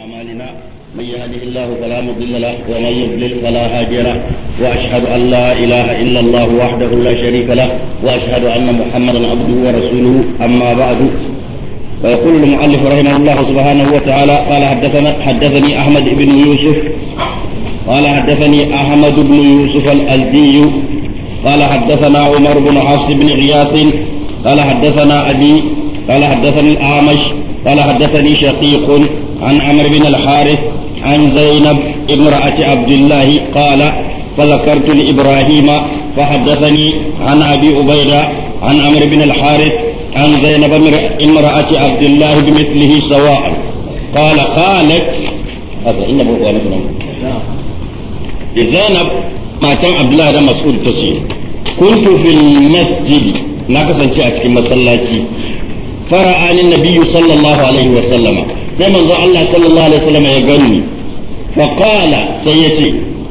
أعمالنا من يهده الله فلا مضل له ومن يضلل فلا هادي له وأشهد أن لا إله إلا الله وحده لا شريك له وأشهد أن محمدا عبده ورسوله أما بعد ويقول المؤلف رحمه الله سبحانه وتعالى قال حدثنا حدثني أحمد بن يوسف قال حدثني أحمد بن يوسف الألدي قال حدثنا عمر بن حفص بن غياث قال حدثنا أبي قال حدثني الأعمش قال حدثني شقيق عن عمرو بن الحارث عن زينب امرأة عبد الله قال فذكرت لإبراهيم فحدثني عن أبي عبيدة عن عمرو بن الحارث عن زينب امرأة عبد الله بمثله سواء قال قالت هذا إنه هو زينب ما كان عبد الله ده مسؤول تسير كنت في المسجد ناقصا شيء في مسلاتي فرأى النبي صلى الله عليه وسلم sai manzo Allah sallallahu alaihi wasallam ya gani fa sai yace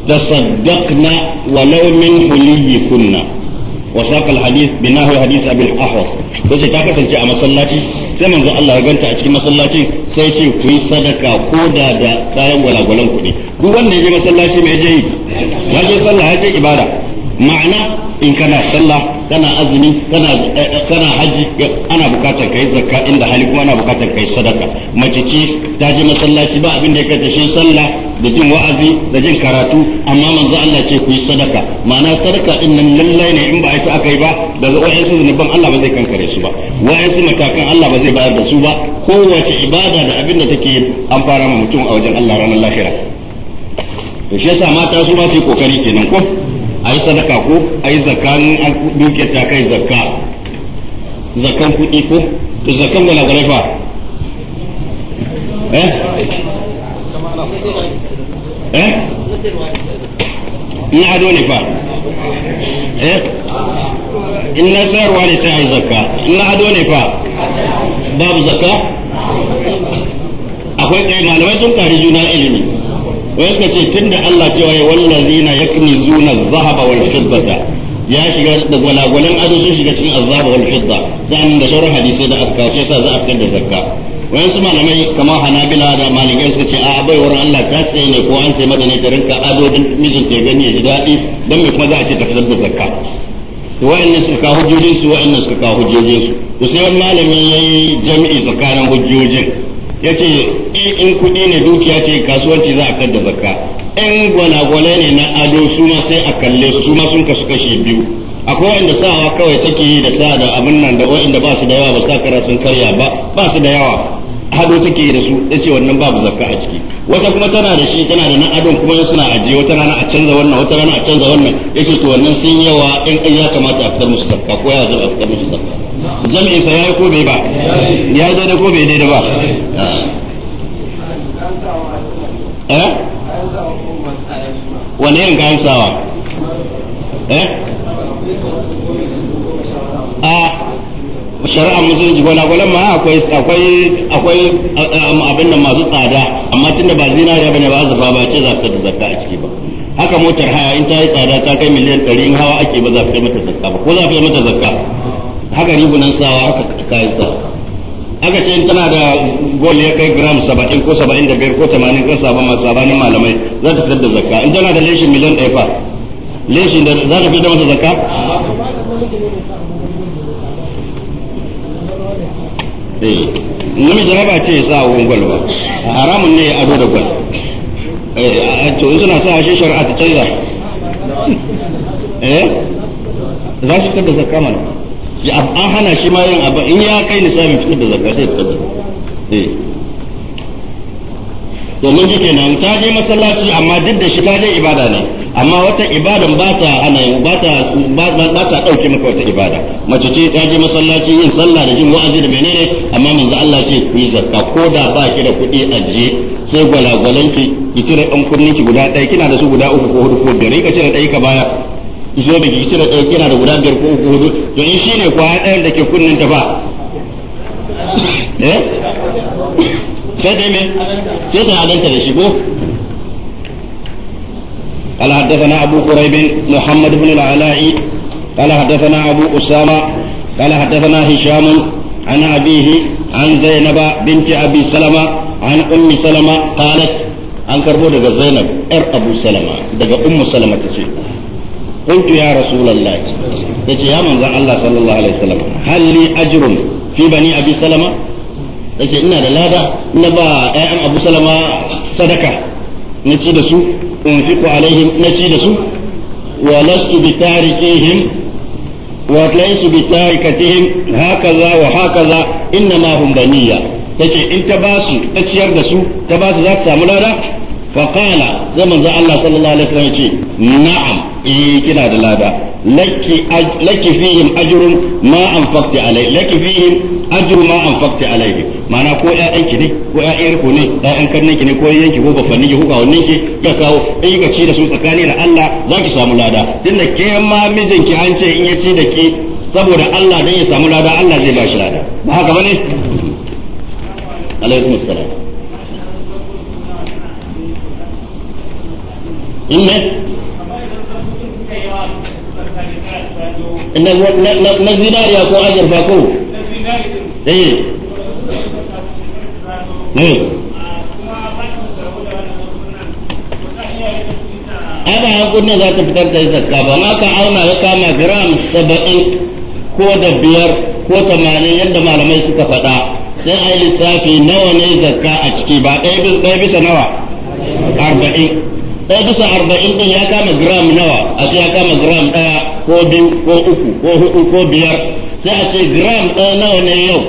tasaddaqna walau min huliyikunna wa saqa alhadith binahu hadith abi al-ahwas sai ta kasance a masallaci sai manzo Allah ya ganta a cikin masallaci sai ce ku yi sadaka ko da da kayan gwalagwalan kuɗi duk wanda ya je masallaci mai je yi ya je sallah ya je ibada ma'ana in kana sallah kana azumi kana eh, eh, kana haji ana bukatar kai zakka inda hali kuma ana bukatar kai sadaka mace ce ta je masallaci ba abin da ya ta shi sallah da jin wa'azi da jin karatu amma manzo Allah ce ku yi sadaka ma'ana sadaka din nan lallai ne in ba a aka yi ba daga wayansu zunuban Allah ba zai kankare su ba wayansu matakan Allah ba zai bayar da su ba kowace ibada da abin da take an fara mutum a wajen Allah ranar lahira to shi yasa mata su ma su yi kokari kenan ko a yi sadaka ko a yi zakan duke ta kai zakka zakan kuɗi ko to zakan da nazarai fa eh eh in ado ne fa eh in na sayarwa ne sai a yi zakka in na ado ne fa babu zakka akwai kai malamai sun tare juna ilimi wai suka ce tunda Allah cewa ya wallazina yaknizuna adh-dhahaba wal fiddata ya shiga da gwalagwalan ado sun shiga cikin azaba wal fidda da sauran hadisai da aka kawo sai za a fitar da zakka wayan su malamai kamar hanabila da malikai suka ce a bai Allah ta sai ne ko an sai mata ne ta rinka ado din mijin gani ya ji daɗi dan me kuma za a da zakka to wayannan suka kawo su suka kawo sai wani malami yayi jami'i tsakanin hujjojin ya ce in kuɗi ne dukiya ce kasuwanci za a kar da zakka in gwalagwale ne na ado su ma sai a kalle su ma sun kasu kashe biyu akwai wanda sawa kawai take yi da sa da abin nan da wanda ba su da yawa ba sa kara sun karya ba ba su da yawa hado take da su ya ce wannan babu zakka a ciki wata kuma tana da shi tana da na adon kuma suna ajiye wata rana a canza wannan wata rana a canza wannan ya ce to wannan sun yawa in an ya kamata a fitar musu zakka ko ya zama a fitar musu zakka jami'in sa yayi ko bai ba ya yi daidai ko bai daidai ba ah. eh wani yin kayan sawa eh ah. shari'ar musulunci gwalagwalan ma akwai akwai akwai um, abin da masu tsada amma tunda ba zinariya bane ba azurfa ba ce za ka da zakka a ciki ba haka motar haya in ta yi tsada ta kai miliyan ɗari in hawa ake ba za ka mata zakka ba ko za ka mata zakka haka ribunan sawa haka kayan sawa haka ce in tana da gol ya kai gram saba'in ko saba'in da ko tamanin kan sabon masu sabanin malamai za ta fitar da zakka in tana da leshin miliyan ɗaya fa leshin da za ta fitar da mata zakka Eh, namiji ba ce ya sa wani gwal ba haramun ne ado da gwal eh, to suna sa shi shari'a ta canza eh za su fitar da zakka mana ya an hana shi ma yin abu in ya kai nisabi fitar da zakka sai fitar da eh ta je masallaci amma duk da shi ta je ibada ne amma wata ibadan ba ta ana yin ba ta ba ta dauke maka wata ibada mace ce ta je masallaci yin sallah da jin wa'azi da menene amma manzo Allah ce ku yi zakka ko da ba ki da kuɗi je sai gwalagwalan ki ki cire ɗan kunnin ki guda ɗaya kina da su guda uku ko hudu ko biyar ka cire ɗaya ka baya zo da ki cire ɗaya kina da guda biyar ko uku hudu to in shine kwaya ɗayan da ke kunnin ta ba eh sai dai me sai ta halanta da shi ko قال حدثنا أبو قريب محمد بن العلاء قال حدثنا أبو أسامة قال حدثنا هشام عن أبيه عن زينب بنت أبي سلمة عن أم سلمة قالت عن كربو دقى زينب إر أبو سلمة دقى أم سلمة تسير قلت يا رسول الله تجي يا من الله صلى الله عليه وسلم هل لي أجر في بني أبي سلمة تجي إنا للادا نبا أم أبو سلمة صدقة نتي دسو unfiqu alaihim na ci da su wa lastu bi wa laysu bi tarikatihim hakaza wa hakaza innama hum baniya tace in ta basu ta ciyar da su ta basu za samu lada فقال زمن الله صلى الله عليه وسلم نعم إيه كنا دلادا لك أج... لك فيهم أجر ما أنفقت عليه لك فيهم أجر ما أنفقت عليه ma'ana ko ƴaƴanki ne ko ƴaƴan ku ne ƴaƴan karninki ne ko yanki ko bafanninki ko ka kawo in ka ci da su tsakani da Allah zaki samu lada tunda ke ma mijinki an ce in ya ci da ki saboda Allah dan ya samu lada Allah zai ba shi lada ba haka bane alaikum na zinariya ko azurfa ko eh ai ba hankulin za ta fitar da zakka ba ma ka auna ya kama gram saba'in ko da biyar ko tamanin yadda malamai suka faɗa sai a yi lissafi nawa ne zakka a ciki ba ɗaya bisa nawa arba'in ɗaya bisa arba'in ɗin ya kama gram nawa a ce ya kama gram ɗaya ko biyu ko uku ko hudu ko biyar sai a ce gram ɗaya nawa ne yau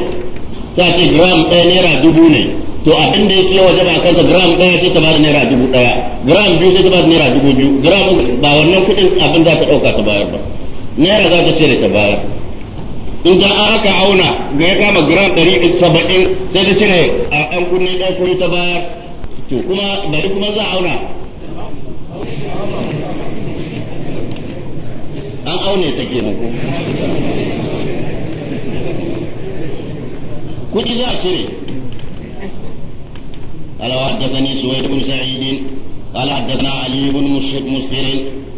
sai a ce gram ɗaya naira dubu ne to abin da ya fiye waje jama'a kansa gram ɗaya sai ta bada naira dubu ɗaya gram biyu sai ta bada naira dubu biyu gram ba wannan kuɗin abin za ta ɗauka ta bayar ba naira za ta cire ta bayar in ta aka auna ga ya kama gram ɗari saba'in sai ta cire a ɗan kunni ɗaya kuɗi ta bayar to kuma bari kuma za a auna an aune ta kenan ko kuɗi za a cire قال وحدثني سويد بن سعيد قال حدثنا علي بن مسهر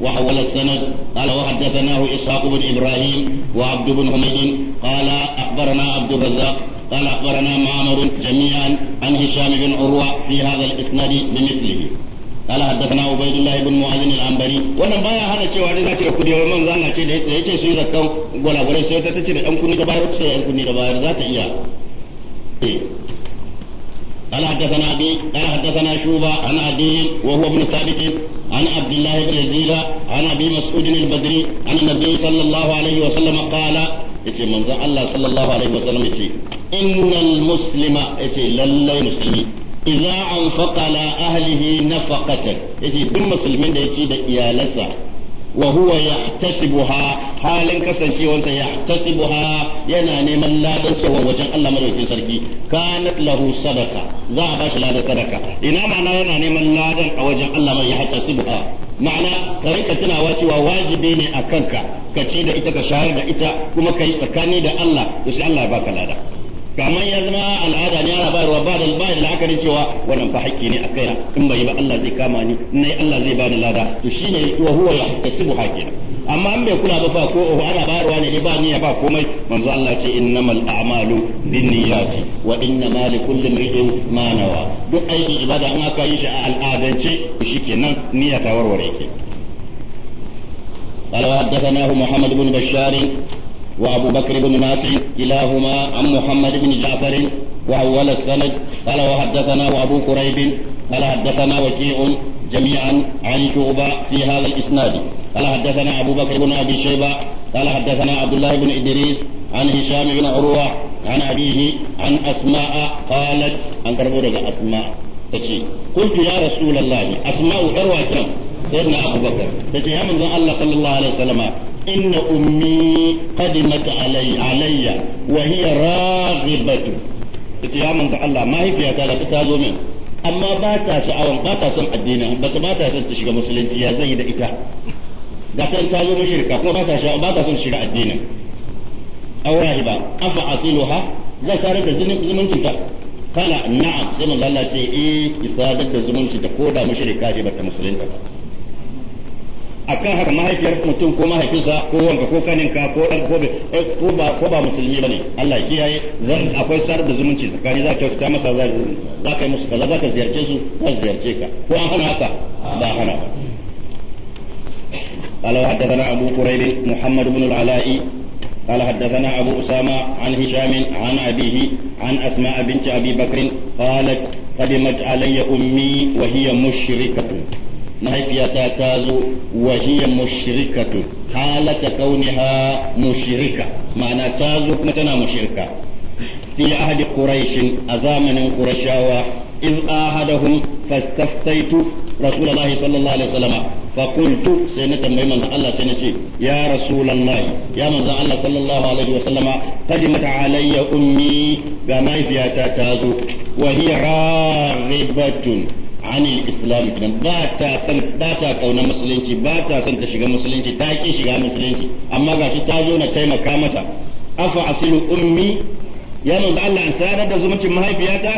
وحول السند قال وحدثناه اسحاق بن ابراهيم وعبد بن حميد قال اخبرنا عبد الرزاق قال اخبرنا معمر جميعا عن هشام بن عروه في هذا الاسناد بمثله قال حدثنا عبيد الله بن معاذ العنبري wannan baya hana cewa dai zaki da kudi wai man zanga ce da yake su zakkan gola gure sai ta tace da dan kunni da bayar sai dan kunni da bayar za ta iya قال حدثنا أبي قال حدثنا شوبة عن أبي وهو ابن ثابت عن عبد الله بن يزيد عن أبي مسعود البدري عن النبي صلى الله عليه وسلم قال يتي من الله صلى الله عليه وسلم يتي إن المسلم يتي للي مسلمين iza an la ahlihi nafaqatan yace duk musulmin da ya ci da iyalansa wa huwa tasibuha halin kasancewarsa tasibuha yana neman ladan cewa wajen Allah madaukakin sarki kanat lahu sadaka za a bashi ladan sadaka ina ma'ana yana neman ladan a wajen Allah mai tasibuha ma'ana ka rinka tunawa cewa wajibi ne a kanka ka ci da ita ka shahar da ita kuma ka yi tsakani da Allah to sai Allah ya baka lada kamar ya zama al'ada ne ana bayarwa ba da ba da la'akari cewa wannan fa haƙƙi ne a kaina in bai ba Allah zai kama ni in nayi Allah zai bani lada to shine wa huwa yahtasibu haƙƙi amma an bai kula ba fa ko ana bayarwa ne ba niyya ba komai manzo Allah ce innamal a'malu binniyati wa innamal likulli imrin ma nawa duk aikin ibada an aka yi shi a al'adance shikenan niyya ta warware ke قال وحدثناه محمد بن بشار وأبو بكر بن نافع كلاهما عن محمد بن جعفر وأول السند قال وحدثنا وابو كريب قال حدثنا وكيع جميعا عن شعبة في هذا الإسناد قال حدثنا أبو بكر بن أبي شيبة قال حدثنا عبد الله بن إدريس عن هشام بن عروة عن أبيه عن أسماء قالت عن كربورة أسماء قلت يا رسول الله أسماء أروى كم sayyidina abubakar tace ya manzon Allah sallallahu alaihi wasallama inna ummi qadimat alayya wa hiya raghibatu tace ya manzon Allah mahaifiyata da ta zo min amma ba ta ba ta son addini ba shiga musulunci da ita da ta ta zo mushrika kuma ba ta sha'awan ba ta son shiga addini aw rahiba afa asiluha zan sare da zumunci ta kana na'am sai manzo eh ki sadar da zumunci ce ba ta musulunta akan haka mahaifiyar mutum ko mahaifinsa ko wanka ko kaninka ko dan ko eh, ko ba ko ba musulmi bane Allah ya kiyaye zan akwai sar da zumunci tsakani za ka kyauta masa za za ka yi musu kaza za ka ziyarce su za su ziyarce ka ko an hana haka ba hana ba قال وحدثنا أبو قريب محمد بن العلاء قال حدثنا أبو أسامة عن هشام عن أبيه عن أسماء بنت أبي بكر قالت قدمت علي أمي وهي مشركة mahaifiyata ta zo wa hiya mushrikatu halata kauniha mushrika ma'ana ta zo kuma tana mushrika fi ahadi quraishin a zamanin qurashawa iz ahadahum fastaftaitu rasulullahi sallallahu alaihi wasallam fa qultu sai na tambayi ya rasulullahi ya manzo Allah sallallahu alaihi wasallam qadimat alayya ummi ga mahaifiyata ta zo wa hiya ragibatun عن الإسلام كنن باتا سن باتا كونا ta باتا سن تشيغا مسلمتي تاكي شيغا مسلمتي أما غاشي تاجونا تيما كامتا أفعصل أمي يا من الله أن سادة زمتي مهي بياتا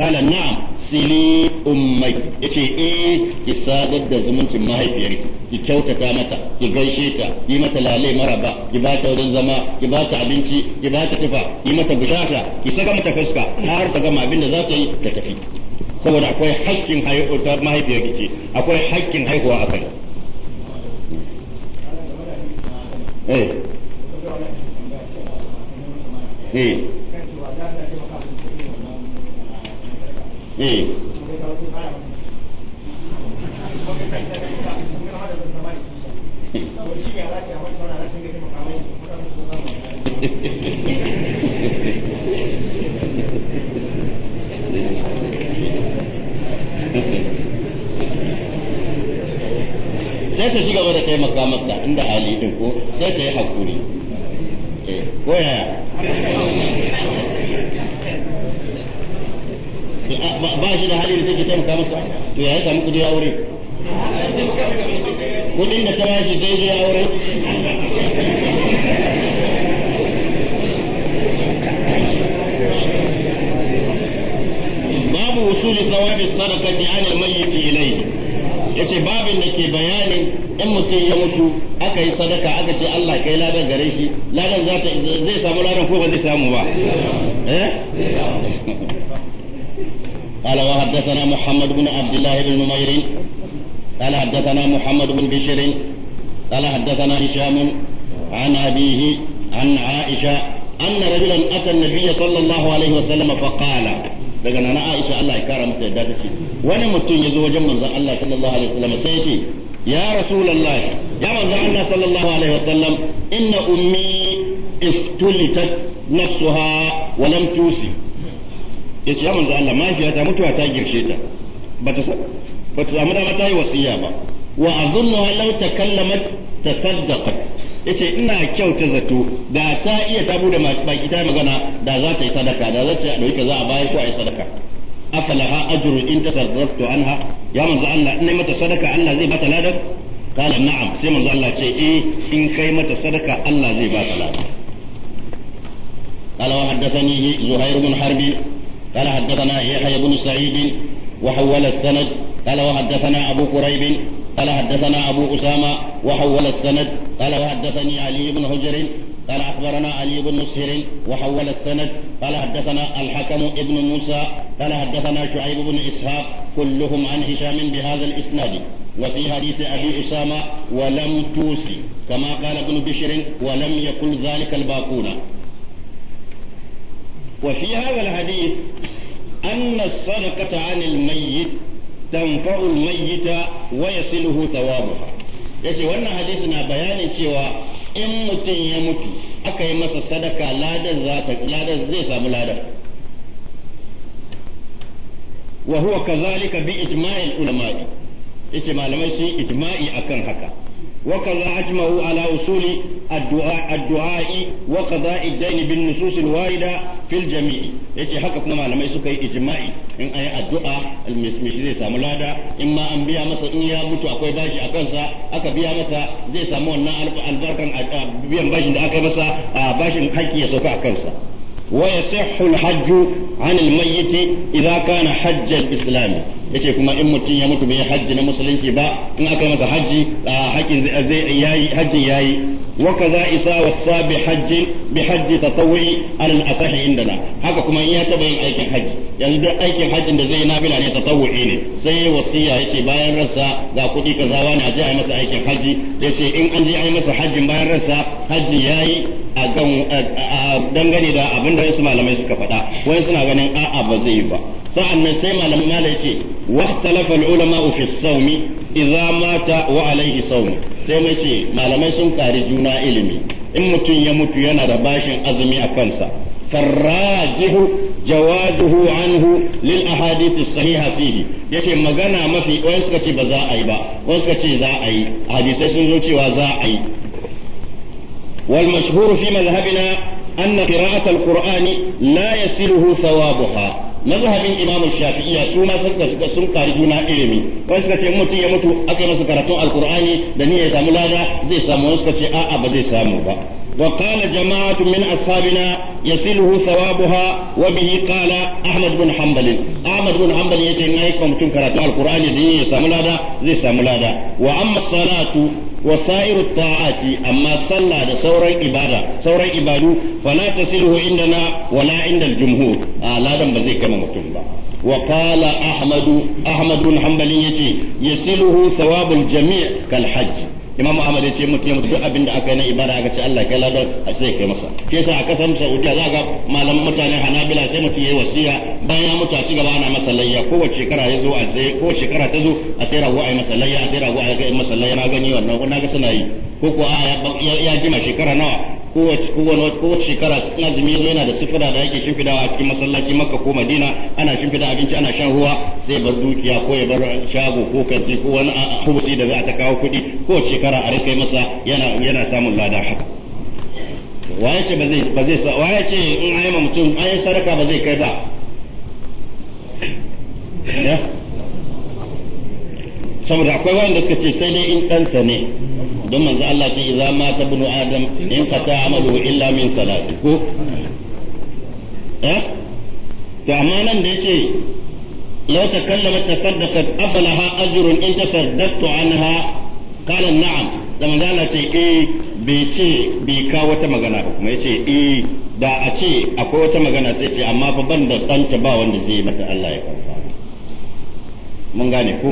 قال نعم sili ummai yace eh ki sadar da zumuncin mahaifiyarki ki kyautata mata ki gaishe ta yi mata lale maraba ki ba ta wurin zama ki ba ta abinci ki ba ta tufa yi mata bishasha ki saka mata fuska har ta gama abin da za ta yi ta tafi saboda akwai haƙƙin haihuwa mahaifiyar ki akwai haƙƙin haihuwa a kai Thank eh. eh. eh. you. sai ta ci gaba da taimaka masa inda ali din ko sai ta yi hakuri eh, ko yaya ba shi da hali da take taimaka masa to ya samu kudi aure kudin da ta yashi sai zai aure babu wusuli tsawabi sadaqati ana mayyiti ilai yace babin da ke bayanin in mutum ya mutu aka yi sadaka aka ce Allah kai ladan gare shi ladan za ta zai samu ladan ko ba zai samu ba eh قال وحدثنا محمد بن عبد الله بن نمير قال حدثنا محمد بن بشير قال حدثنا هشام عن أبيه عن عائشة أن رجلا أتى النبي صلى الله عليه وسلم فقال daga nana Aisha Allah ya kara mata yadda ce wani mutum ya zo wajen manzon Allah sallallahu alaihi wasallam sai ya ce ya rasulullah ya manzon Allah sallallahu alaihi wasallam inna ummi iftulitat nafsuha wa lam tusi yace ya manzon Allah mahaifiyata mutuwa ta girshe ta bata bata samu dama ta yi wasiya ba wa azunnu law takallamat tasaddaqat yace ina kyauta zato da ta iya ta bude baki ta magana da za ta yi sadaka da za ta dauki kaza a bayar ko a yi sadaka afalaha ajru in tasarraftu anha ya manzo Allah in mata sadaka Allah zai bata ladan kala na'am sai manzo Allah ce eh in kai mata sadaka Allah zai bata ladan قال وحدثني زهير بن حرب قال حدثنا يحيى بن سعيد وحول السند قال وحدثنا abu قريب قال حدثنا أبو أسامة وحول السند قال وحدثني علي بن حجر قال أخبرنا علي بن مسهر وحول السند قال حدثنا الحكم ابن موسى قال حدثنا شعيب بن إسحاق كلهم عن هشام بهذا الإسناد وفي حديث أبي أسامة ولم توسي كما قال ابن بشر ولم يقل ذلك الباقون وفي هذا الحديث أن الصدقة عن الميت mayyita wa yasiluhu ثوابها yace wannan hadisi na bayanin cewa in mutum ya mutu aka yi masa sadaka ladan zai samu ladan wa huwa kazalika bi ijma'il ulama'i yace malamai sun ijma'i akan haka وكذا أجمعوا على أصول الدعاء, الدعاء وقضاء الدين بالنصوص الواردة في الجميع يجي حقا كما لما يسوك إجماعي إن أي الدعاء المسمي زي سامو لادا إما أن مسا إن يا متو أكوي باشي أكنسا أكا بيا مسا زي سامو أن البركة بيا باشي أكا مسا باشي حكي يسوكا أكنسا ويصح الحج عن الميت إذا كان حج الإسلام yace kuma in mutum ya mutu bai hajji na musulunci ba in aka masa hajji hakin zai yayi hajjin yayi wa kaza isa wasa bi hajji bi hajji tatawwi al asahi indana haka kuma in ya taba yin aikin hajji yanzu duk aikin hajjin da zai na bila ne tatawwi ne sai wasiya yace bayan rasa ga kuɗi kaza wani a je a masa aikin hajji yace in an je a yi masa hajjin bayan rasa hajji yayi a dangane da abin abin da wasu malamai suka faɗa wai suna ganin a'a ba zai yi ba sa'annan sai malamin mala yake wa talafa ulama fi sawmi idza mata wa alaihi sawm sai mai ce malamai sun kari juna ilimi in mutum ya mutu yana da bashin azumi a kansa فالراجح جوازه lil للأحاديث sahiha fihi yace magana mafi wani suka ce ba za a yi ba wani suka ce za a yi hadisai sun zo cewa za a yi wal mashhur fi أن قراءة القرآن لا يسله ثوابها mazhabin imam shafi'iyya su ma suka suka sun kari juna ilimi wani suka ce mutum ya mutu aka masa karatun alqur'ani da niyya ya samu lada zai samu wani suka ce a'a ba zai samu ba وقال جماعة من أصحابنا يصله ثوابها وبه قال أحمد بن حنبل أحمد بن حنبل يتنايكم تنكرة القرآن دي ساملادا زي ساملادا وأما الصلاة وسائر الطاعات أما صلى ثورة إبادة ثورة إبادة فلا تسله عندنا ولا عند الجمهور لا دم بزي كما مكتوب وقال أحمد أحمد بن حنبل يتي يصله ثواب الجميع كالحج imamu ahmad ya ce mutum ya mutu duk abin da aka yi na ibada aka ce Allah kai ladar a sai kai masa ke sa a kasar saudiya za ga mutane hana hanabila sai mutum ya yi wasiya bayan ya mutu a ci gaba ana masa layya kowace shekara ya zo a sai ko shekara ta zo a sai rago a yi masa layya a sai rago a yi masa layya na gani wannan na ga suna yi ko ko a ya jima shekara nawa kowace kowace kowace shekara cikin azumi yana da sifira da yake shimfida a cikin masallaci makka ko madina ana shimfida abinci ana shan ruwa sai bar dukiya ko ya bar shago ko kanti ko wani hubusi da za ta kawo kuɗi kowace shekara a rinka masa yana yana samun lada haka waye ce ba zai ba zai waye ce in ayi ma mutum ayi sadaka ba zai kai ba eh? saboda akwai wanda suka ce sai dai in ɗansa ne don manzo Allah ce idza mata ibnu adam in ta amalu illa min salati ko eh to amma nan da yace law takallamat tasaddaqat ablaha ajrun in tasaddaqtu anha kala na'am da manzo Allah ce eh bai ce bai ka wata magana ba kuma yace eh da a ce akwai wata magana sai ce amma fa ban da danta ba wanda zai mata Allah ya karfa mun gane ko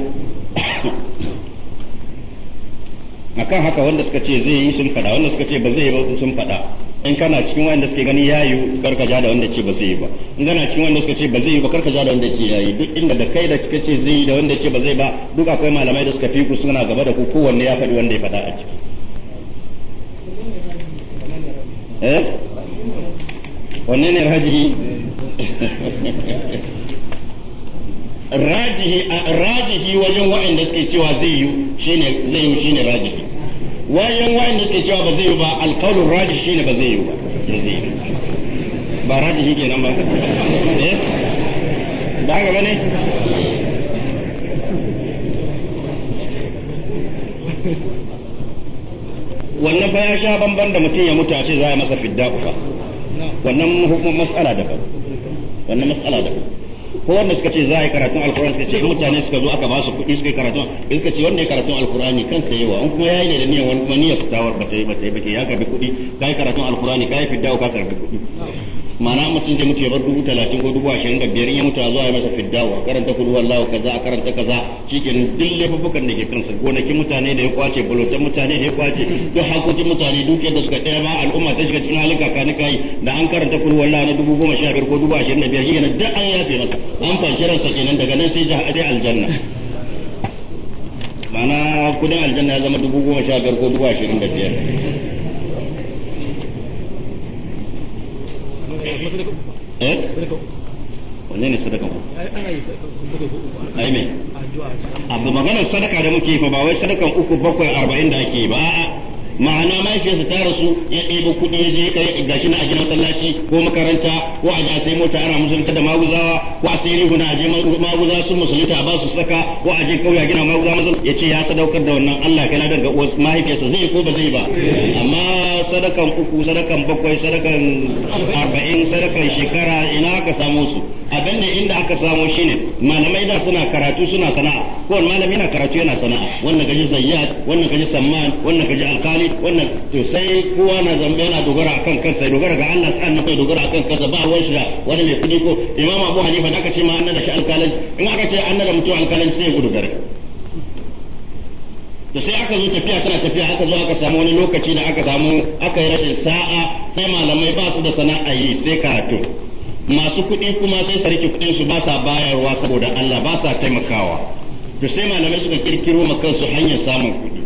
akan haka wanda suka ce zai yi sun faɗa wanda suka ce ba zai yi ba sun faɗa in kana cikin wanda suke gani ya yi ja da wanda ce ba zai yi ba in kana cikin wanda suka ce ba zai yi ba karka ja da wanda ce ya yi duk inda da kai da kika ce zai yi da wanda ce ba zai ba duk akwai malamai da suka fi ku suna gaba da ku kowanne ya faɗi wanda ya faɗa a ciki eh wanne ne rajiri rajihi rajihi wajen waɗanda suke cewa zai yi shine zai yi shine rajihi wajen waɗanda suke cewa ba zai yi ba alqaulur rajihi shine ba zai yi ba zai yi ba rajihi kenan ba eh da ga bane wannan ba ya sha bamban da mutum ya mutu a ce za a masa fidda ufa wannan hukumar mas'ala daban wannan mas'ala daban ko wanda suka ce za a yi karatun alkurani suka ce mutane suka zo aka ba su kuɗi suka yi karatun suka ce wanda ya karatun alkurani kansa yawa in kuma yi ne da niyan wani kuma niyan su tawar ba ta yi ba ta yi ba ya karbi kuɗi ka yi karatun alkurani ka yi fidda ka karbi kuɗi ma'ana mutum mutu muke bar dubu talatin ko dubu ashirin da biyar ya mutu a zuwa masa fiddawa karanta kudu wa kaza a karanta kaza shikenan duk laifukan da ke kansa gonakin mutane da ya kwace balotan mutane da ya kwace duk hakokin mutane duk da suka tsaya ba al'umma ta shiga cikin halin kakani kai da an karanta kudu wallah na dubu goma sha biyar ko dubu ashirin da biyar shikenan duk an yafe masa an fanshi ransa kenan daga nan sai aljanna ma'ana kudin aljanna ya zama dubu goma sha biyar ko dubu ashirin da biyar eh wanne ne sadaka mu ai me abu maganar sadaka da muke fa ba wai sadakan uku bakwai arba'in da ake ba a'a ma'ana mahaifiyarsa ta rasu ya ɗebo kuɗi ya je kai shi na a gidan masallaci ko makaranta ko a ja sai mota ana musulunta da maguzawa ko a sai rihuna a je maguza sun musulunta a ba su saka ko a je kauya gina maguza musulunta ya ce ya sadaukar da wannan Allah kai ladar ga mahaifiyarsa zai ko ba zai ba amma sadakan uku sadakan bakwai sadakan arba'in sadakan shekara ina aka samo su abin da inda aka shi shine malamai da suna karatu suna sana'a ko malami na karatu yana sana'a wannan gaji zayyat wannan gaji samman wannan gaji alkali wai wannan to sai kowa na zamba yana dogara a kan kansa dogara ga Allah sai annabi dogara a kan kansa ba wani da wani mai kudi ko Imam Abu Hanifa da aka ce ma annada shi alkalan in aka ce annada mutum alkalan sai ya gudu gare da sai aka zo tafiya tana tafiya aka zo aka samu wani lokaci da aka samu aka yi rashin sa'a sai malamai ba su da sana'a yi sai karatu masu kuɗi kuma sai su rike kuɗin su ba sa bayarwa saboda Allah ba sa taimakawa to sai malamai suka kirkiro ma kansu hanyar samun kuɗi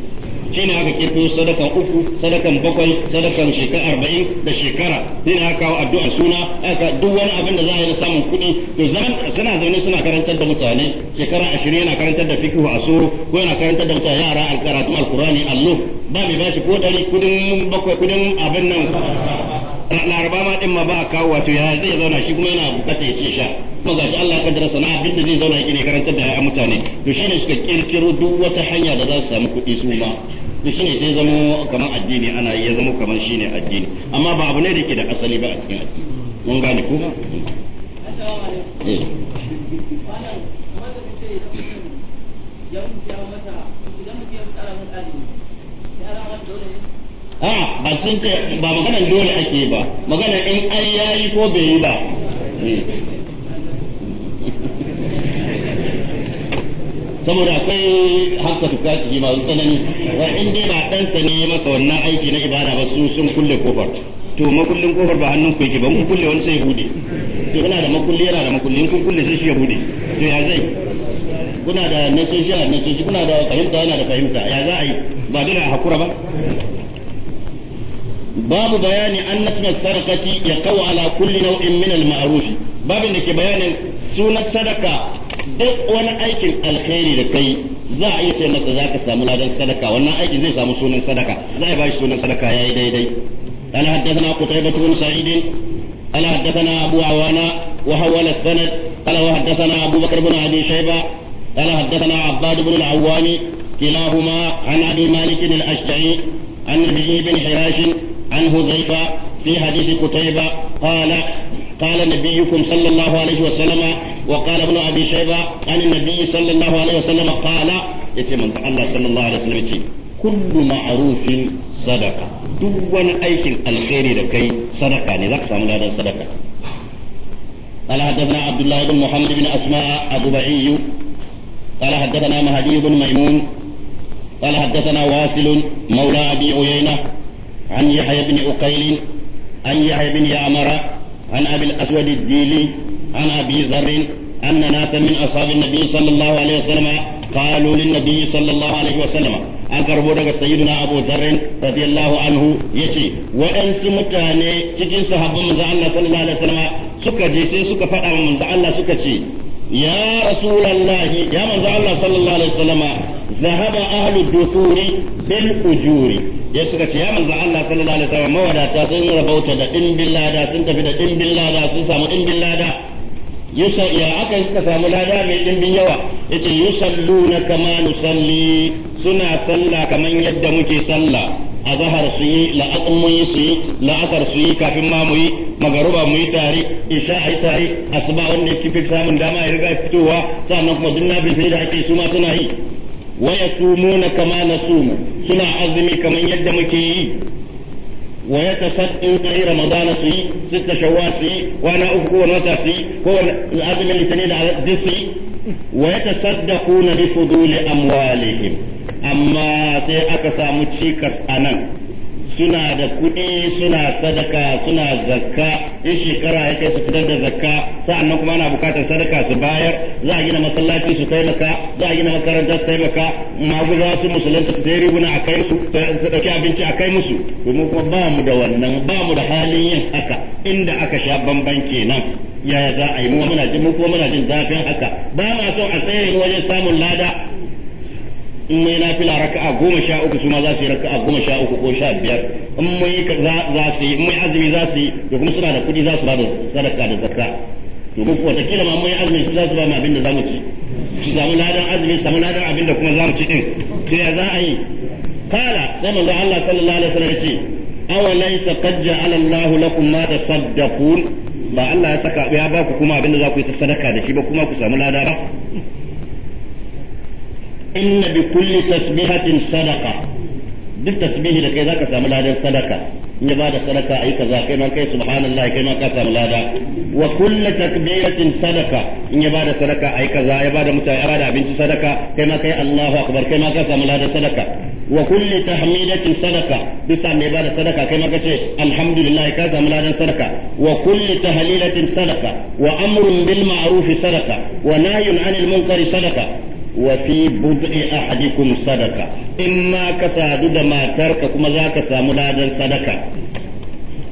shine aka kirkiro sadakan uku sadakan bakwai sadakan shekara arba'in da shekara shine aka kawo addu'a suna aka duk wani abin da za a yi na samun kuɗi to zaman suna zaune suna karantar da mutane shekara ashirin yana karantar da fikihu a soro ko yana karantar da mutane yara al alkurani allo ba mai bashi ko ɗari kudin bakwai kudin abin nan laraba ma din ma ba a kawo wato ya zai zauna shi kuma yana bukata ya ce sha kuma gashi Allah ya kaddara sana'a abin da zai zauna yake ne karantar da ya mutane to shine suka kirkiro duk wata hanya da za su samu kuɗi su ma to shine sai zama kamar addini ana ya zama kamar shine addini amma ba abu ne da yake da asali ba a cikin addini mun gane ko ya mutu ya mata idan ya mun ya dole a ba sun ce ba maganan dole ake ba maganan in an yayi ko bai yi ba saboda akwai hankali ci ciki masu tsanani wa in dai ba ɗansa ne masa wannan aiki na ibada ba su sun kulle kofar to makullin kofar ba hannun ku yake ba mun kulle wani sai ya to kana da makulli yana da makulli kun kulle sai shi ya bude to ya zai kuna da nasoji a nasoji kuna da fahimta yana da fahimta ya za a yi ba dole a hakura ba babu bayani an nasmar sadakati ya kawo ala kulli nau'in min ma'arufi marufi babin da ke bayanin sunan sadaka duk wani aikin alkhairi da kai za a iya sai masa za ka samu ladan sadaka wannan aikin zai samu sunan sadaka za a ba shi sunan sadaka yayi daidai قال حدثنا قتيبة بن سعيد قال حدثنا أبو عوانة وحول السند قال وحدثنا أبو بكر بن أبي شيبة قال حدثنا bin بن العوام كلاهما عن أبي مالك الأشجعي عن نبي بن عن هذيبة في حديث قتيبة قال قال نبيكم صلى الله عليه وسلم وقال ابن أبي شيبة عن النبي صلى الله عليه وسلم قال يتمنى الله صلى الله عليه وسلم كل معروف صدقة دون أيش الخير لكي صدقة لذلك سامنا هذا صدقة قال حدثنا عبد الله بن محمد بن أسماء الربعي قال حدثنا مهدي بن ميمون قال حدثنا واصل مولى أبي عيينة عن يحيى بن أقيل عن يحيى بن يعمر عن أبي الأسود الديلي عن أبي ذر أن ناسا من أصحاب النبي صلى الله عليه وسلم قالوا للنبي صلى الله عليه وسلم an karbo daga sayyidina Abu Dharr radiyallahu anhu yace waɗansu mutane cikin sahabban manzo Allah sallallahu alaihi wasallam suka je sai suka faɗa wa manzo Allah suka ce ya rasulullah ya manzo Allah sallallahu alaihi wasallam zahaba ahlu dusuri bil ujuri ya suka ce ya manzo Allah sallallahu alaihi wasallam mawadata sun rabauta da din lada sun tafi da ɗimbin lada sun samu dimbin lada yusa ya aka suka samu lada mai bin yawa yace yusalluna kama nusalli suna sallah kaman yadda muke sallah zahar su yi la mun yi su yi la'asar su yi kafin ma mu yi magaruba mu yi tare isha ai tare asuba wanda yake fi samun dama ya riga fitowa sannan kuma bi sai da ake su ma suna yi wa yasumuna kama sumu suna azumi kamar yadda muke yi wa ya tasaddu ta yi ramadana su yi sita shawwa su yi kwana uku kowane wata su yi kowane azumin litinin da duk su yi wa ya tasaddaquna bi fuduli amwalihim amma sai aka samu cikas a nan. suna da kuɗi suna sadaka suna zakka in shekara ya kai su fitar da zakka sa'annan kuma ana bukatar sadaka su bayar za a gina masallaci su taimaka za a gina makaranta su taimaka za su musulunta su sai riguna a kai su su ɗauki abinci a kai musu domin kuma ba mu da wannan ba mu da halin yin haka inda aka sha bamban kenan yaya za a yi mu muna jin mu kuma muna jin zafin haka ba ma son a tsaye wajen samun lada in mai nafila raka'a goma sha uku su ma za su yi raka'a goma sha uku ko sha biyar in mai za su yi in mai azumi za su yi da kuma suna da kuɗi za su ba da sadaka da zakka to duk kila ma mai azumi su za su ba mu abin da za mu ci su samu ladan azumi samu ladan abin da kuma za mu ci din to ya za a yi kala sai manzo Allah sallallahu alaihi wasallam ya ce aw laysa qad ja'ala Allahu lakum ma tasaddaqun ba Allah ya saka ya ba ku kuma abin da za ku yi ta sadaka da shi ba kuma ku samu lada ba inna bi kulli tasbihatin sadaqa duk tasbihi da kai zaka samu ladan sadaka in ba da sadaka ayi kaza kai ma kai subhanallah kai ma ka samu lada wa kullu takbiratin sadaka in ba da sadaka ayi kaza ya ba da mutane ya ba da abinci sadaka kai ma kai Allahu akbar kai ma ka samu ladan sadaka wa kulli tahmidatin sadaka bisa mai ba da sadaka kai ma ka ce wa kulli tahlilatin sadaka wa amrun sadaka wa anil munkari sadaka وفي بضع أحدكم صدقة إما كسادد ما ترك كما ذاك سامدادا صدقة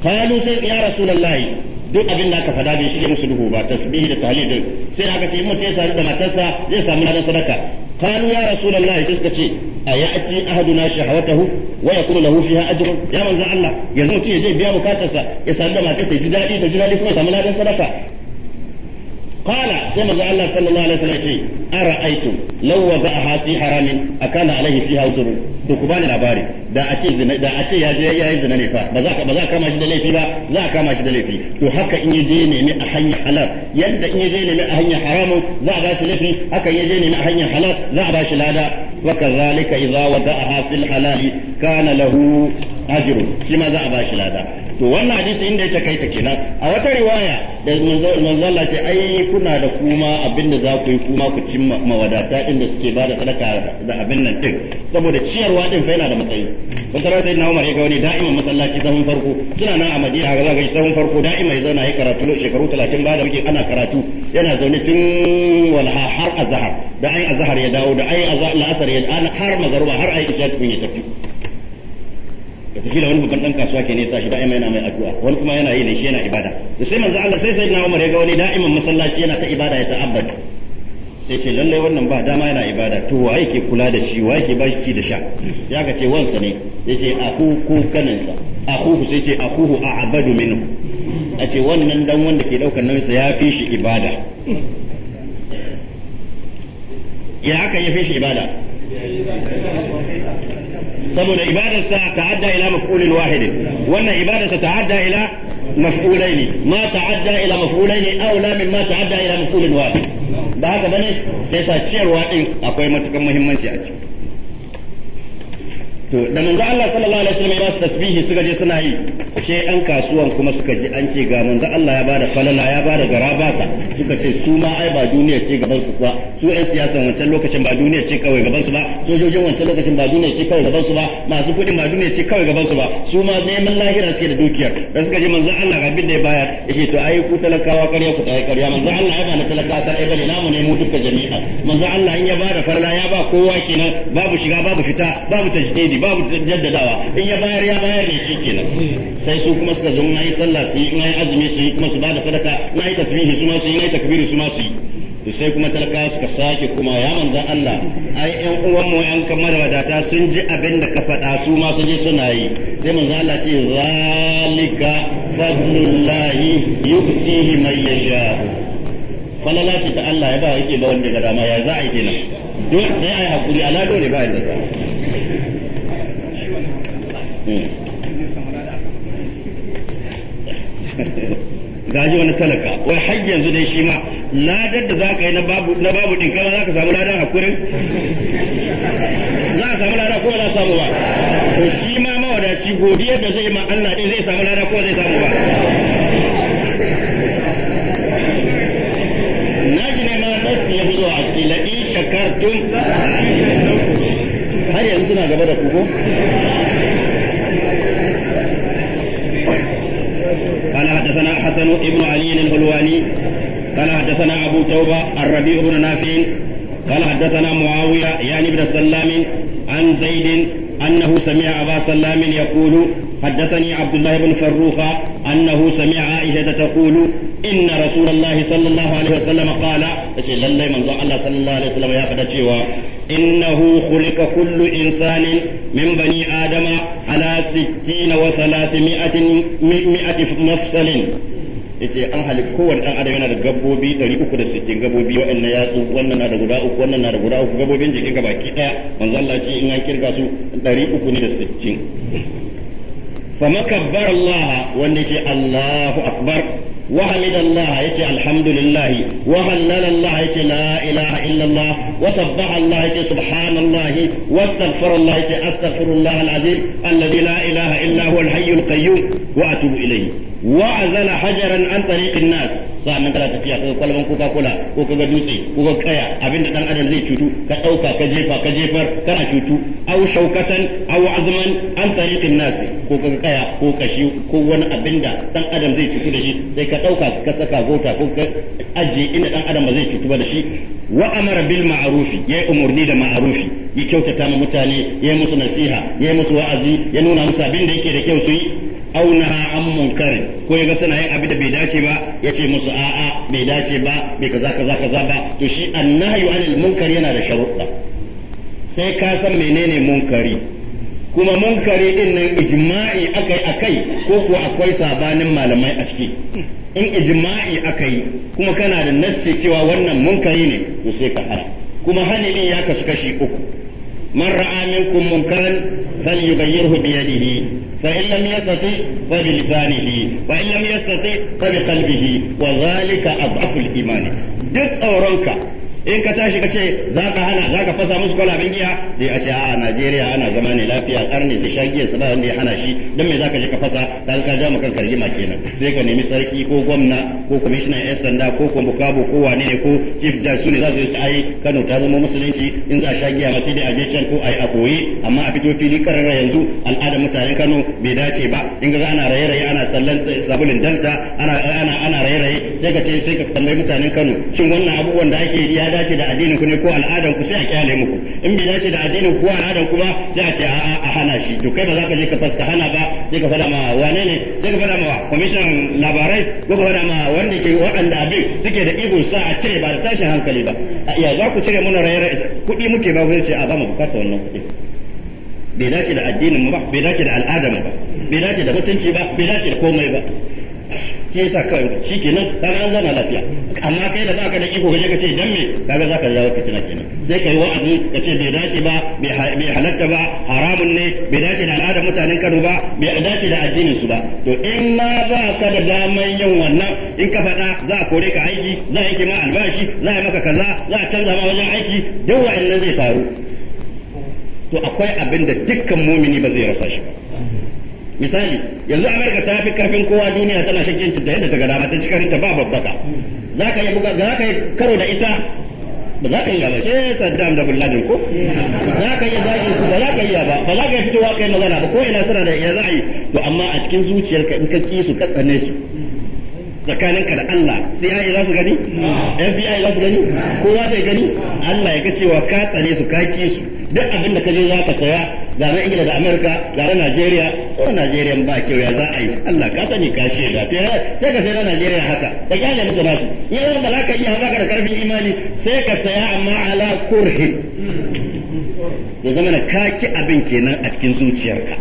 قالوا يا رسول الله duk abin da aka fada bai shige musu duhu ba tasbihi da tahlil sai aka ce mutum ya sadu da matarsa zai samu ladan sadaka kanu ya rasulullahi sai suka ce a ya'ti ahaduna shahawatahu wa yakunu lahu fiha ajrun ya manzo Allah yanzu mutum ya je biya bukatarsa ya sadu da matarsa ya ji dadi da ji dadi kuma ya samu ladan sadaka qala sai manzo Allah sallallahu alaihi wasallam ce ara'aytum law wada'aha fi haramin akana alaihi fiha uzur to ku bani labari da a ya zina ne ba za ba kama shi da laifi ba za a kama shi da laifi to haka in je nemi a hanyar halal yadda in je nemi a hanyar haramun za ba shi laifi haka in je nemi a hanyar halal za ba shi lada wa kadhalika idza a fil halali kana ajiru shi ma za a ba shi lada to wannan hadisi inda ya kai ta kenan a wata riwaya da manzo Allah ce ai kuna da kuma abinda za ku yi kuma ku cimma mawadata inda suke ba da sadaka da abin nan din saboda ciyarwa din fa yana da matsayi wata rana na Umar ya ga wani da'iman masallaci sahun farko suna nan a Madina ga zaka sahun farko da'ima ya zauna ya karatu shekaru 30 ba da muke ana karatu yana zaune tun walha har azhar da ai azhar ya dawo da ai la'asar ya har magaruba har ai ijad kun ya tafi Ka tafi da wani babban dan kasuwa ke ne sa shi da'ima yana mai addu'a wani kuma yana yi ne shi yana ibada da sai manzo Allah sai sayyidina Umar ya ga wani da'iman masallaci yana ta ibada ya ta'abbata sai ce lallai wannan ba dama yana ibada to wa ke kula da shi wa ke bashi ci da sha ya aka ce wansa ne yace akuku aku ku sai ce hu a'abadu minhu a ce wannan dan wanda ke daukar sa ya fi shi ibada ya haka ya fi shi ibada saboda ibadarsa adda ila maf'ulin wahidin wannan ibadarsa adda ila ma ila maf'ulaini aw la min ma ta adda ila maf'ulin wahid da haka bane sai sa ciyarwa din akwai matukan muhimmanci a ciki to da manzo Allah sallallahu alaihi wasallam ya su tasbihi suka je suna yi ashe an kasuwan kuma suka ji an ce ga manzo Allah ya bada falala ya bada basa suka ce su ma ai ba duniya ce gaban su ba su ɗan siyasan wancan lokacin ba duniya ce kawai gaban su ba sojojin wancan lokacin ba duniya ce kawai gaban su ba masu kuɗin ba duniya ce kawai gaban su ba su ma neman lahira suke da dukiyar da suka ji manzo Allah ga da ya bayar yace to ai ku talakawa ƙarya ku tai ƙarya manzo Allah ya ba na talakawa ta bane namu ne mu duka jami'a manzo Allah in ya bada falala ya ba kowa kenan babu shiga babu fita babu tajdidi babu jaddadawa in ya bayar ya bayar ne shi kenan sai su kuma suka zo na yi sallah su yi na yi azumi su yi kuma su bada sadaka na yi tasbihi su ma su yi na yi takbiri su ma su yi sai kuma talaka suka sake kuma ya manzan Allah ai ƴan uwan mu ƴan kamar wadata sun ji abin da ka faɗa su ma sun je suna yi sai manzan Allah ce zalika fadlullahi yu'tihi man yasha falala ce ta Allah ya ba yake ba wanda ga dama ya za a yi kenan dole sai ai hakuri ala dole ba yadda Hmm. gaji wani talaka wai har yanzu dai shi ma ladar da za ka yi na babu din kama za ka samu a hakurin za a samu ladar ko za za samu ba to shi ma mawadaci godiyar da zai ma Allah din zai samu ladar ko zai samu ba na ji ne ma nasu su zo a kila in tun har yanzu suna gaba da kuku حدثنا حسن ابن علي الهلواني قال حدثنا أبو توبة الربيع بن نافع قال حدثنا معاوية يعني بن سلام عن زيد أنه سمع أبا سلام يقول حدثني عبد الله بن فروخة أنه سمع عائشة تقول إن رسول الله صلى الله عليه وسلم قال لله من الله صلى الله عليه وسلم يا إنه خلق كل إنسان من بني آدم على ستين وثلاثمائة مئة مفصل yace an halitta kowanne dan adam yana da gabobi 360 gabobi wa'annan tsu wannan na da guda uku wannan na da guda uku gabobin jikin ga baki daya manzo Allah ce in an kirga su 360 fa makabbara Allah wanda ke Allahu akbar وحمد الله يتي الحمد لله وهلل الله يتي لا إله إلا الله وسبح الله يتي سبحان الله واستغفر الله يتي أستغفر الله العظيم الذي لا إله إلا هو الحي القيوم وأتوب إليه وأزل حجرا عن طريق الناس sa'annan kana tafiya ko kwalban coca cola ko kaga dutse ko ka kaya abinda dan adam zai cutu ka dauka ka jefa ka jefar kana cutu au shaukatan au azman an tariqin nasi ko kaga kaya ko kashi ko wani abinda dan adam zai cutu da shi sai ka dauka ka saka gota ko ka aje inda dan adam ba zai cutu ba da shi wa amara bil ma'ruf yayi umurni da ma'ruf ya kyautata ma mutane ya musu nasiha ya musu wa'azi ya nuna musu abinda yake da kyau su yi Auna an munkarin ko ya ga suna yin abin da bai dace ba ya ce musu a'a bai dace ba bai kaza kaza kaza ba to shi annahyu anil munkari yana da sharuɗa sai ka san menene munkari kuma munkari din nan ijma'i akai akai ko kuwa akwai sabanin malamai a ciki in ijma'i akai kuma kana da nassi cewa wannan munkari ne to sai ka hana kuma hani din ya kasu kashi uku man ra'a minkum munkaran falyughayyirhu bi yadihi فإن لم يستطع فبلسانه وإن لم يستطع فبقلبه وذلك أضعف الإيمان duk tsoronka in ka tashi ka ce za ka hana za ka fasa musu kwalaben giya sai a ce a Najeriya ana zama ne lafiya karni su sha giya su ba wanda ya hana shi don me za ka je ka fasa dan ka ja maka rigima kenan sai ka nemi sarki ko gwamna ko kwamishinan yan sanda ko kuma kabo ko wane ne ko chief judge su ne za su yi ai Kano ta zama musulunci in za a sha giya ba sai dai a je can ko yi a koyi amma a fito fili karara yanzu al'adar mutanen Kano bai dace ba in ga ana raye-raye ana sallan sabulin danta ana ana ana raye-raye sai ka ce sai ka tambayi mutanen Kano shin wannan abubuwan da ake yi ya dace da addinin ku ne ko al'adan ku sai a kyale muku in bai dace da addinin ku al'adan ku ba sai a ce a a hana shi to kai ba za ka je ka fasta hana ba sai ka fada ma wane ne sai ka fada ma commission labarai ko ka fada ma wanda ke waɗanda abin suke da ego sa a cire ba da tashin hankali ba ya za ku cire mana rayar kuɗi muke ba ku ce a ba mu bukata wannan kuɗi bai dace da addinin mu ba bai dace da al'adar mu ba bai dace da mutunci ba bai dace da komai ba shi sa kawai shi kenan kaga an lafiya amma kai da zaka da iko kaje ka ce dan me kaga zaka jawo fitina kenan sai kai wa'azi ka ce bai dace ba bai halatta ba haramun ne bai dace da al'adar mutanen Kano ba bai dace da addinin su ba to in ma ba ka da daman yin wannan in ka faɗa za a kore ka aiki za a yanke ma albashi za a maka kaza za a canza ma wajen aiki duk wa'annan zai faru to akwai abin da dukkan mumini ba zai rasa shi ba misali yanzu amerika ta fi karfin kowa duniya tana shakin da yadda ta ga dama ta cikin ta ba babbaka za ka yi buga za ka yi karo da ita ba za ka yi ba sai Saddam da Bin ko za ka yi zaki ba za ka yi ba ba za ka yi fitowa kai magana ba ko ina suna da ya za'i to amma a cikin zuciyarka in ka ki su ka tsane su tsakaninka da Allah sai ai za su gani FBI za su gani kowa zai gani Allah ya ga cewa ka tsane su ka ki su duk abin da ka je za ka saya zaben ingila da amerika na najeriya ko najeriya ba kyau ya za a yi allah ka sani ka shaida sai ka sai na najeriya haka da kyale musu ba su yau ba za ka iya haka da karfin imani sai ka saya amma ala kurhi ya zama na kaki abin kenan a cikin zuciyarka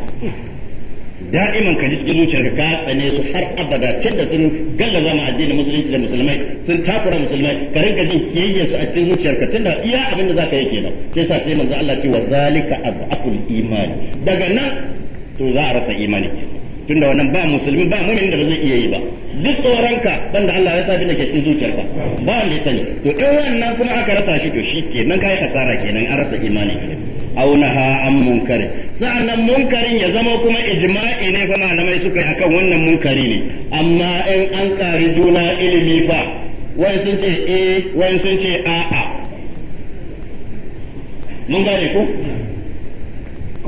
da'iman ka ji cikin zuciyarka ka tsane su har abada tun da sun galla zama addinin musulunci da musulmai sun takura musulmai ka rinka jin kiyayya su a cikin zuciyarka tun da iya abin da ka yi kenan sai sa sai manzo Allah ce wa zalika azaqul imani daga nan to za a rasa imani tun da wannan ba musulmi ba mu'min da ba zai iya yi ba duk tsoronka banda Allah ya sabi da ke cikin zuciyarka ba wanda ya sani to in wannan kuma aka rasa shi to shi kenan kai asara kenan an rasa imani aunaha an munkari sa'annan munkarin ya zama kuma ijma'i ne fa malamai suka yi akan wannan munkari ne amma in an ƙari juna ilimi fa wani sun ce eh wani sun ce a'a mun gane ko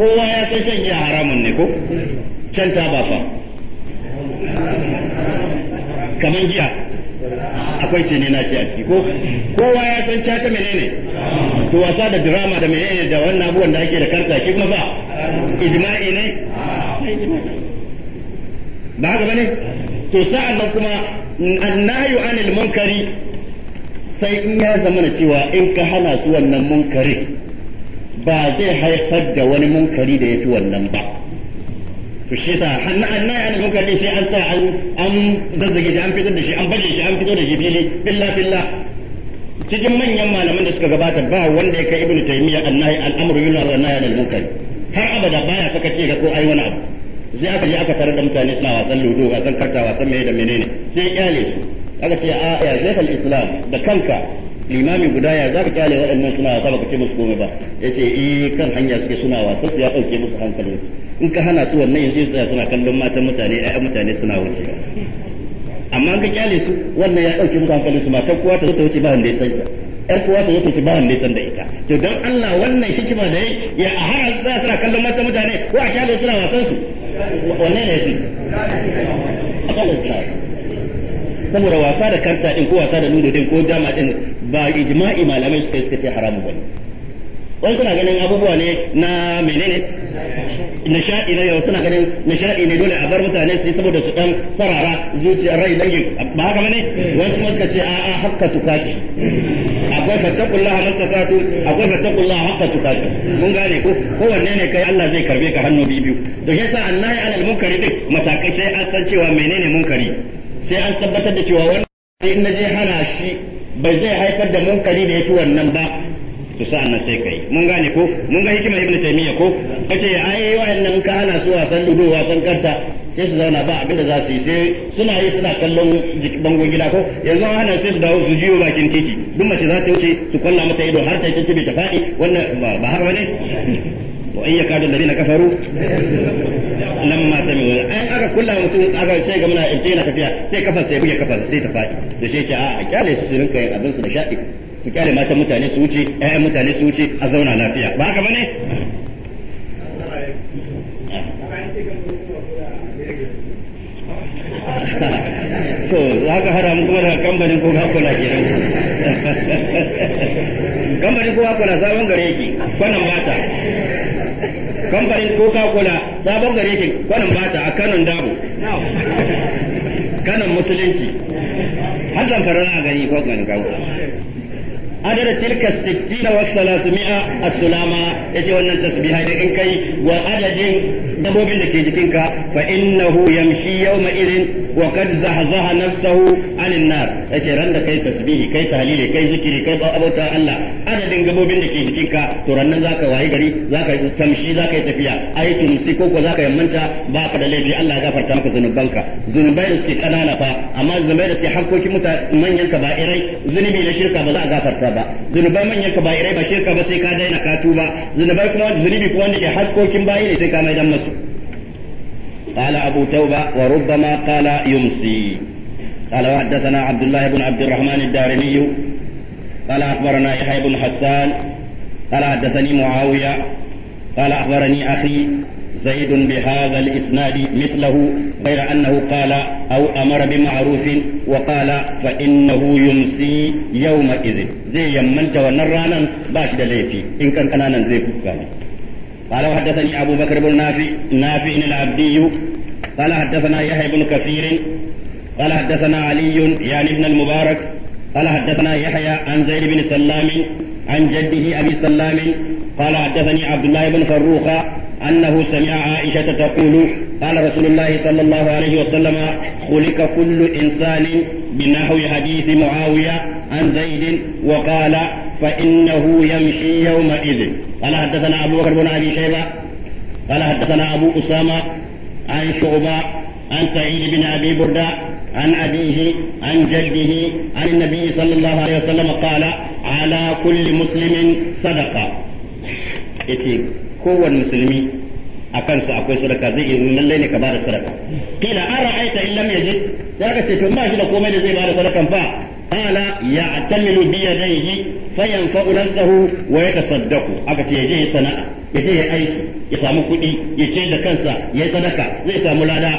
kowa ya san shan giya haramun ne ko can ba fa kamar giya akwai ce ne na ce a ciki ko kowa ya san caca menene to wasa da drama da menene da wannan abubuwan da ake da karta shi kuma ba ijma'i ne ba haka bane to sa'an nan kuma annayu anil munkari sai in ya zama na cewa in ka hana su wannan munkari ba zai haifar da wani munkari da ya fi wannan ba to shi yasa hanna anna ya nan kalli sai an sa an an zazzage shi an fitar da shi an baje shi an fito da shi fili billa billa cikin manyan malaman da suka gabata ba wanda ya kai ibnu taymiya annahi al-amru yunna annahi al-munkar har abada baya saka ce ga ko ai wani abu sai aka je aka tarar da mutane suna wasan ludo wasan karta wasan mai da menene sai ya kyale su aka ce a ya al islam da kanka limami guda ya zaka kyale waɗannan suna wasa baka ce musu komai ba yace ce eh kan hanya suke suna wasa su ya dauke musu hankalinsu in ka hana su wannan yanzu tsaya suna kallon matan mutane ƴaƴan mutane suna wuce amma in ka kyale su wannan ya dauke musu hankalin su matan kowa ta zo ta wuce ba wanda ya san ƴar kowa ta zo ta wuce ba wanda ya san da ita to dan Allah wannan hikima da ya a hana su suna kallon matan mutane ko a kyale suna wasan su wannan ne yafi saboda wasa da karta din ko wasa da nuno din ko dama din ba ijma'i malamai suka suka ce haramu bane wani suna ganin abubuwa ne na menene nishaɗi na yau suna ganin nishaɗi ne dole a bar mutane su yi saboda su ɗan sarara zuciyar rai dangin ba haka bane wasu ma suka ce a a hakka tukaki akwai fattakullah mastakatu akwai fattakullah hakka tukaki mun gane ko kowanne ne kai Allah zai karbe ka hannu biyu to yasa annahi alal munkari din matakai sai an san cewa menene munkari sai an tabbatar da cewa wannan in naje hana shi bai zai haifar da munkari da yake wannan ba to sa'an nan sai kai mun gane ko mun ga hikimar ibnu taymiya ko kace ai wa'annan ka ana su wasan dudu wasan karta sai su zauna ba abin da za su yi sai suna yi suna kallon bangon gida ko yanzu hana sai su dawo su jiyo bakin titi duk mace za ta wuce su kwalla mata ido har ta kike ta fadi wannan ba har wani wa in yakadu alladhina kafaru lamma sami'u ai aka kula mutum aka sai ga muna intina tafiya sai kafar sai buge kafar sai ta fadi da shi ce a a kyale su rinka yin abin su da sha'i su kyale matan mutane su wuce ƴaƴan mutane su wuce a zauna lafiya ba haka bane so za ka hada mu kuma daga kambanin ko kola kenan Kambanin ko kola sabon gare yake kwanan bata kambanin ko kola sabon gare yake kwanan bata a kanon dabo kanon musulunci hanzan zamfara na gani ko kanin kawo adada tilka 60 wa 300 as-sulama yace wannan tasbiha da in kai wa adadin dabobin da ke jikinka fa innahu yamshi yawma idin wa kad zahazaha nafsahu anin nar yace ran da kai tasbihi kai tahlili kai zikiri kai abota Allah adadin gabobin da ke jikinka to rannan zaka wayi gari zaka tamshi zaka yi tafiya ai tumsi ko ko zaka yammanta baka da laifi Allah ya gafarta maka zunubanka zunubai da suke kanana fa amma zunubai da suke hakkokin mutane manyan ka ba irai zunubi na shirka ba za a gafarta ba zunubai manyan ka ba shirka ba sai ka daina ka tuba zunubai kuma zunubi kuma wanda ke hakkokin bayi ne sai ka mai dan masu قال أبو توبة وربما قال يمسي قال وحدثنا عبد الله بن عبد الرحمن الدارمي قال أخبرنا يحيى بن حسان قال حدثني معاوية قال أخبرني أخي زيد بهذا الإسناد مثله غير أنه قال أو أمر بمعروف وقال فإنه يمسي يومئذ زي يمنت ونرانا باش دليتي إن كان كان زي كفاني قال وحدثني أبو بكر بن نافع نافع العبدي قال حدثنا يحيى بن كثير قال حدثنا علي يعني ابن المبارك قال حدثنا يحيى عن زيد بن سلام عن جده ابي سلام قال حدثني عبد الله بن فروخ انه سمع عائشه تقول قال رسول الله صلى الله عليه وسلم خلق كل انسان بنحو حديث معاويه عن زيد وقال فانه يمشي يومئذ قال حدثنا ابو بكر بن ابي شيبه قال حدثنا ابو اسامه عن شعبة عن سعيد بن أبي بردة عن أبيه عن جده عن النبي صلى الله عليه وسلم قال على كل مسلم صدقة إتي كون المسلمي akan akwai sadaka zai yi lallai ne ka bada sadaka kila an ra'aita in lam yajid zaka ce to ba shi da komai da zai bada sadakan fa قال يعتمل بيديه فينفع نفسه ويتصدق أكتي يجي صنعة يجي اي يسامو كدي يجي لكنسا يصدق يسامو لادا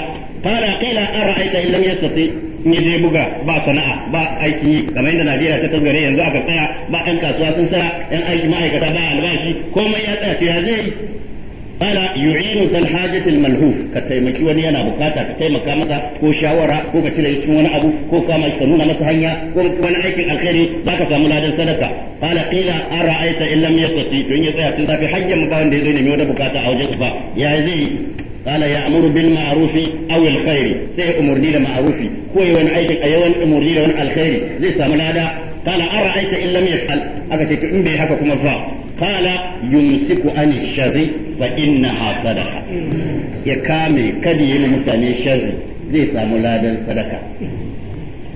قال قيل أرأيت ان لم يستطيع in je buga ba sana'a ba aiki yi kamar yadda Najeriya ta tasgare yanzu aka tsaya ba ɗan kasuwa sun tsaya ɗan aiki ma'aikata ba albashi komai ya tsaya ya zai قال يعين ذا الحاجة الملهوف كتيمكي وني أنا بكاتا كتيمك مسا كو شاورا كو كتلا يسمون أبو كو كما يسمون مسهنيا كو كما أيك الخير ذاك سامولا دن صدقة قال قيل أرأيت إن لم يستطيع تنيا سيأتي في حج مبان دي زيني ميودا بكاتا أو جسفا يا زي قال يأمر بالمعروف أو الخير سي أمرني لمعروف كو يوان أيك أيوان أمرني لون الخير زي سامولا قال أرأيت إن لم يفعل أكتك إن بي حكا كما فا قال يمسك عن الشر فإنها صدقة يكامي كدي المتاني الشر زي samu ladan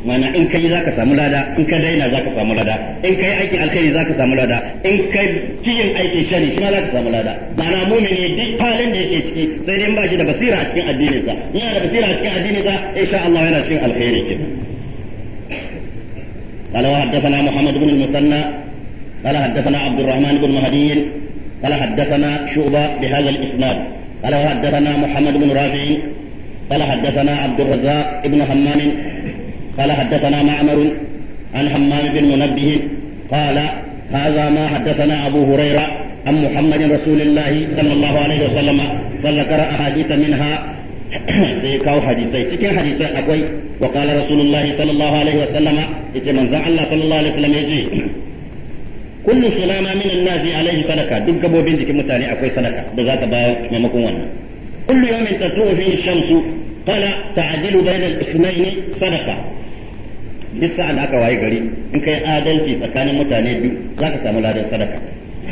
mana in kai zaka samu lada in ka daina zaka samu lada in kai aikin alkhairi zaka samu lada in kai cikin aikin shari shi ma zaka samu lada mana mumini duk halin da yake ciki sai dai ba shi da basira a cikin addinin sa yana da basira a cikin addinin sa insha Allah yana cikin alkhairi kin قال muhammad ibn al-musanna قال حدثنا عبد الرحمن بن مهدي قال حدثنا شعبة بهذا الإسناد قال حدثنا محمد بن رافع قال حدثنا عبد الرزاق بن همام قال حدثنا معمر عن همام بن منبه قال هذا ما حدثنا أبو هريرة عن محمد رسول الله صلى الله عليه وسلم فذكر أحاديث منها sai kawo hadisai cikin hadisai akwai wa qala rasulullahi sallallahu alaihi wa sallama yace manzon Allah sallallahu alaihi wa sallam yace kullu sulama min an alayhi sadaka duk gabobin jikin mutane akwai sadaka da zaka bayar maimakon wannan kullu yawmin tatlu fi shamsu qala ta'dilu bayna al-ithnayn sadaka duk sa'an aka waye gari in kai adalci tsakanin mutane biyu zaka samu ladan sadaka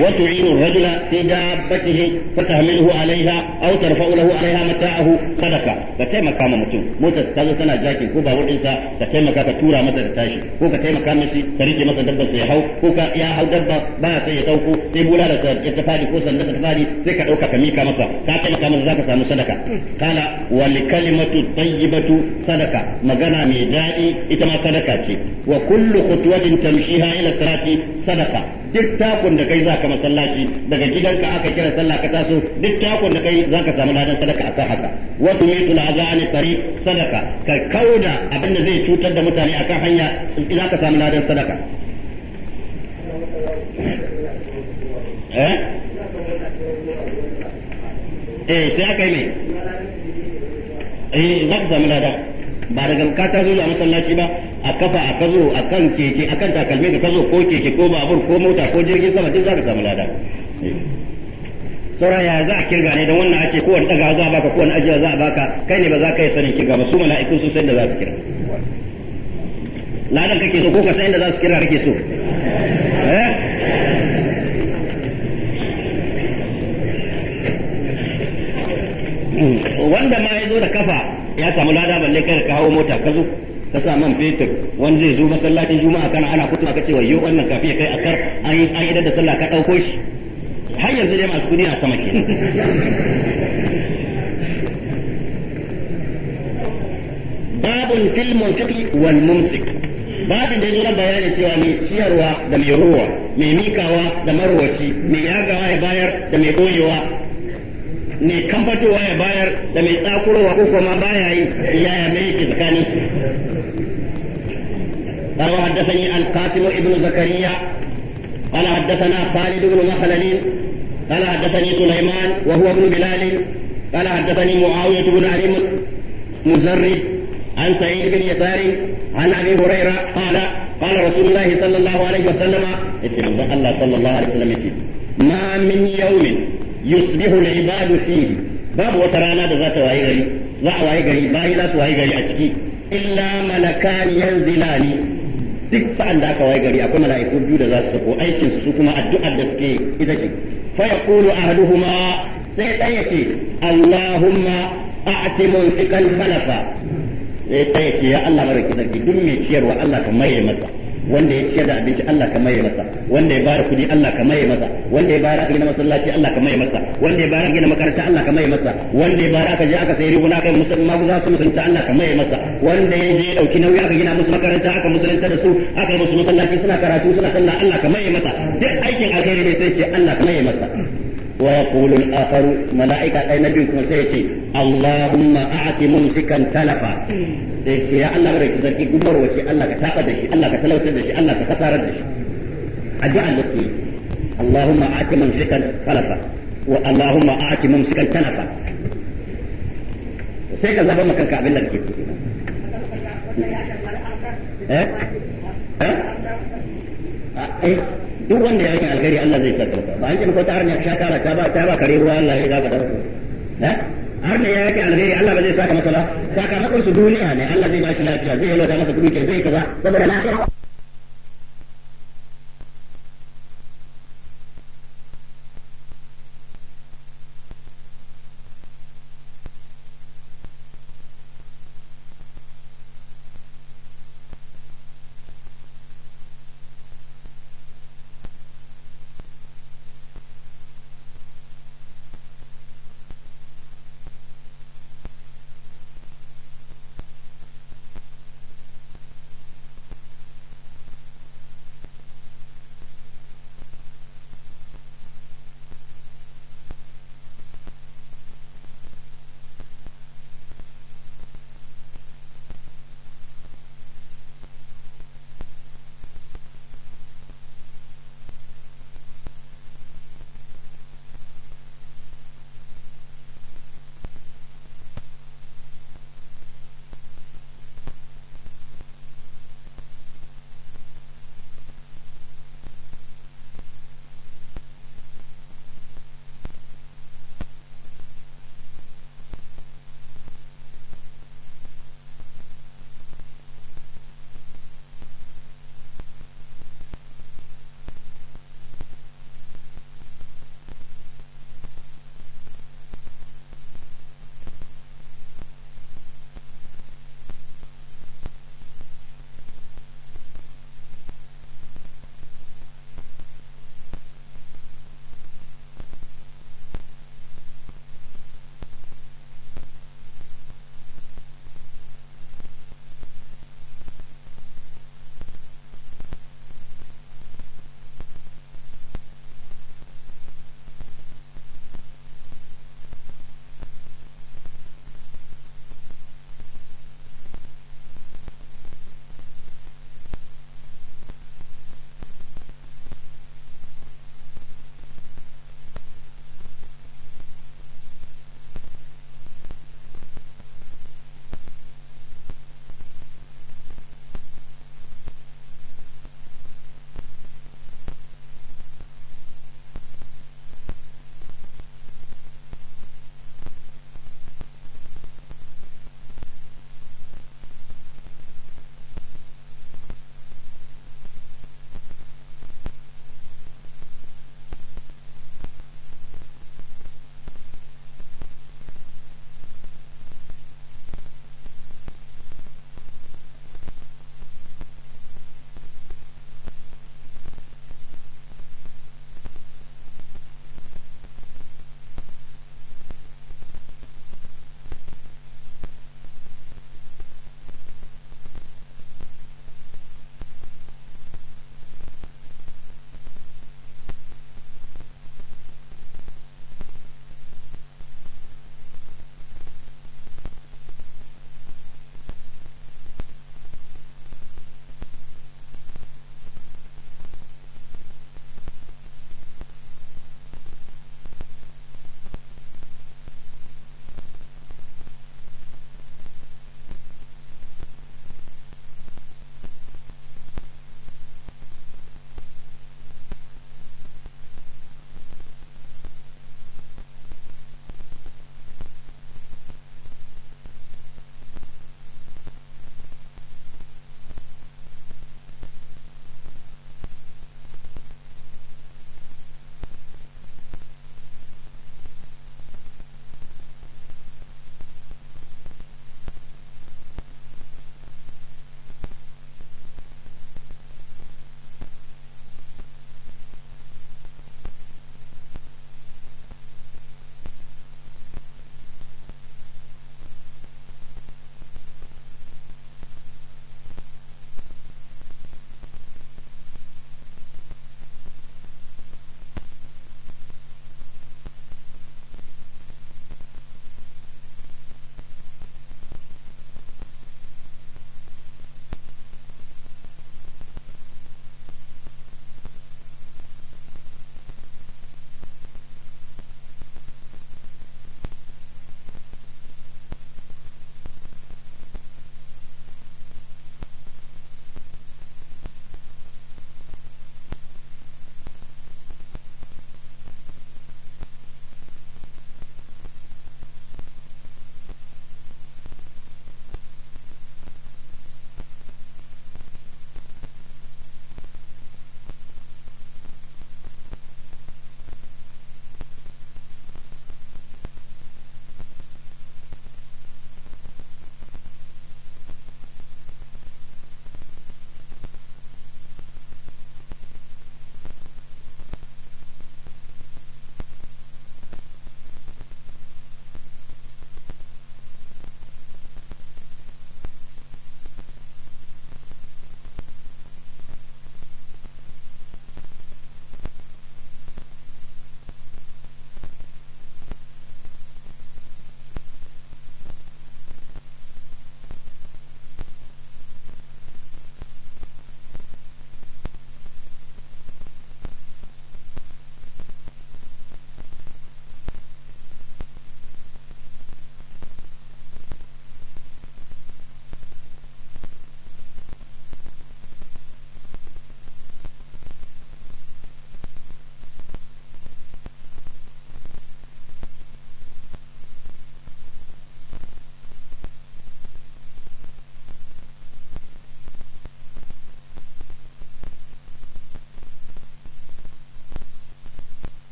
وتعين الرجل في دابته فتحمله عليها او ترفع له عليها متاعه صدقه فتيما كان متو موتا تازو تانا جاكي كوبا ودنسا كتيما كا تورا مسا تاشي كو كتيما كان مسي تريجي مسا دبا سي هاو كو كا يا هاو دبا با سي سوكو سي بولا دا سر يتفادي كو سن تفادي سي كا دوكا كميكا مسا كا كان كام زاكا سامو صدقه قال والكلمه الطيبه صدقه مغانا مي دادي ita ma sadaka ce wa kullu khutwatin tamshiha ila duk takun da kai za ka masallaci daga gidanka aka kira sallah ka taso duk takun da kai za ka samu ladan sadaka a kan haka wa tula ga ani tariq sadaka ka kauda abin da zai cutar da mutane a kan hanya za ka samu ladan sadaka eh eh sai aka yi mai eh za ka samu ladan ba da gamka ta zo a masallaci ba a kafa a kazo a kan keke a kan takalmi ka kazo ko keke ko babur ko mota ko jirgin sama duk za ka samu lada sauran ya za a kirga ne don wannan a ce kowane daga za a baka kowane ajiya za a baka kai ne ba za ka yi sanin kirga ba su mala'ikun sun san da za su kira ladan kake so ko ka san inda za su kira kake so eh? wanda ma ya zo da kafa ya samu lada balle kai ka hawo mota ka zo ka sa man fetur wani zai zo masallacin juma'a kana ana kutuwa ka ce yau wannan kafin ya kai akar an yi an idan da sallah ka ɗauko shi har yanzu dai masu kudi na sama ke babun fil munfiqi wal mumsik babin da yana bayani cewa mai ciyarwa da mai ruwa mai mikawa da marwaci mai yagawa ya bayar da mai goyewa ne kambato ya bayar da mai wa ko ma baya yi ya mai yake tsakanin قال وحدثني القاسم ابن زكريا قال حدثنا خالد بن مخلل قال حدثني سليمان وهو ابن بلال قال حدثني معاوية بن أبي مزرد عن سعيد بن يسار عن أبي هريرة قال قال رسول الله صلى الله عليه وسلم الله صلى الله عليه وسلم ما من يوم yusbihu al-ibadu fihi babu wata rana da za ta waye gari za a waye gari bayi za su waye gari a ciki illa malakani yanzilani duk sa'an da aka waye gari akwai mala'iku biyu da za su sako aikin su kuma addu'ar da suke ita ce fa yaqulu ahaduhuma sai ɗaya ce Allahumma a'ti munfiqan falafa sai ɗaya ce ya Allah maraki sarki duk mai ciyarwa Allah ka maye masa wanda ya ciyar da abinci Allah ka ya masa wanda ya bara kudi Allah ka ya masa wanda ya bara gina masallaci Allah ka ya masa wanda ya bara gina makaranta Allah ka ya masa wanda ya bara aka je aka sayi riguna aka musulma za su musulunta Allah ka ya masa wanda ya je dauki nauyi aka gina musu makaranta aka musulunta da su aka musu masallaci suna karatu suna sallah Allah ka ya masa duk aikin alheri ne sai ce Allah ka ya masa ويقول الآخر ملائكة أي نبي كوسيتي اللهم أعط ممسكا تلفا ka taɓa da duk wanda ya yi alkhairi Allah zai saka ba an ce ko ta har ne kara ta ba ta ba kare ruwa Allah ya zaka dauko ha har ne ya yi alkhairi Allah ba zai saka masa ba sakamakon su duniya ne Allah zai ba shi lafiya zai yi masa kuɗi zai kaza saboda lafiya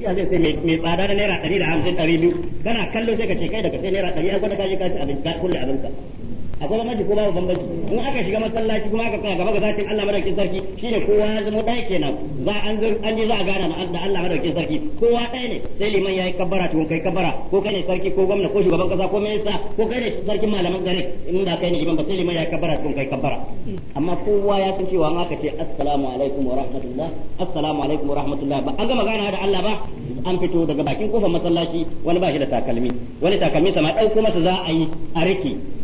iya zai sai mai tsada na naira ɗari da hamsin ɗari biyu kana kallo sai ka ce kai daga sai naira ɗari an gwada kashi kashi abin kulle abinka akwai bambanci ko babu bambanci in aka shiga masallaci kuma aka gaba ga zakin Allah madaukakin sarki shine kowa ya zama ɗaya kenan za an zo an ji za a gana da Allah madaukakin sarki kowa ɗaya ne sai liman yayi kabbara to kai kabbara ko kai ne sarki ko gwamna ko shugaban kasa ko minista ko kai ne sarkin malaman gari in da kai ne liman ba sai liman yayi kabbara to kai kabbara amma kowa ya san cewa an aka ce assalamu alaikum wa rahmatullah assalamu alaikum wa rahmatullah ba an gama gana da Allah ba an fito daga bakin kofar masallaci wani ba shi da takalmi wani takalmi sama ɗauko masa za a yi a rike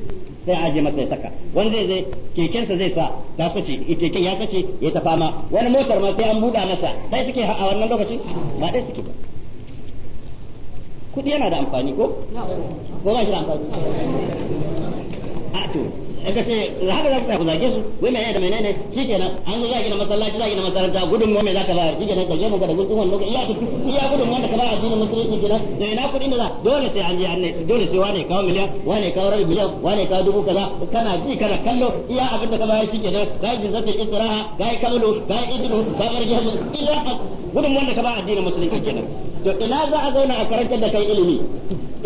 sai aje masa ya saka wani zai kekensa zai sa ta sace keken ya sace ya ta fama wani motar ma sai an buɗa masa dai suke a wannan lokacin ba dai suke ba kudi yana da amfani ko ko ba shi da amfani in ka ce haka za ku tsaya ku zage su wai menene da menene shikenan an zo za gina masallaci za gina masallaci gudun me za ka bayar shikenan ka je mu ga da gudun wannan iya iya gudun wanda ka ba addinin musulunci kenan da ina kudin da za dole sai an je an ne dole sai wane kawo miliyan wane kawo rabi miliyan wane kawo dubu kaza kana ji kana kallo iya abin da ka bayar shikenan kai jin zata istiraha kai kamalu kai idinu kai marjihu illa gudun wanda ka ba addinin musulunci kenan to ina za a zauna a karanta da kai ilimi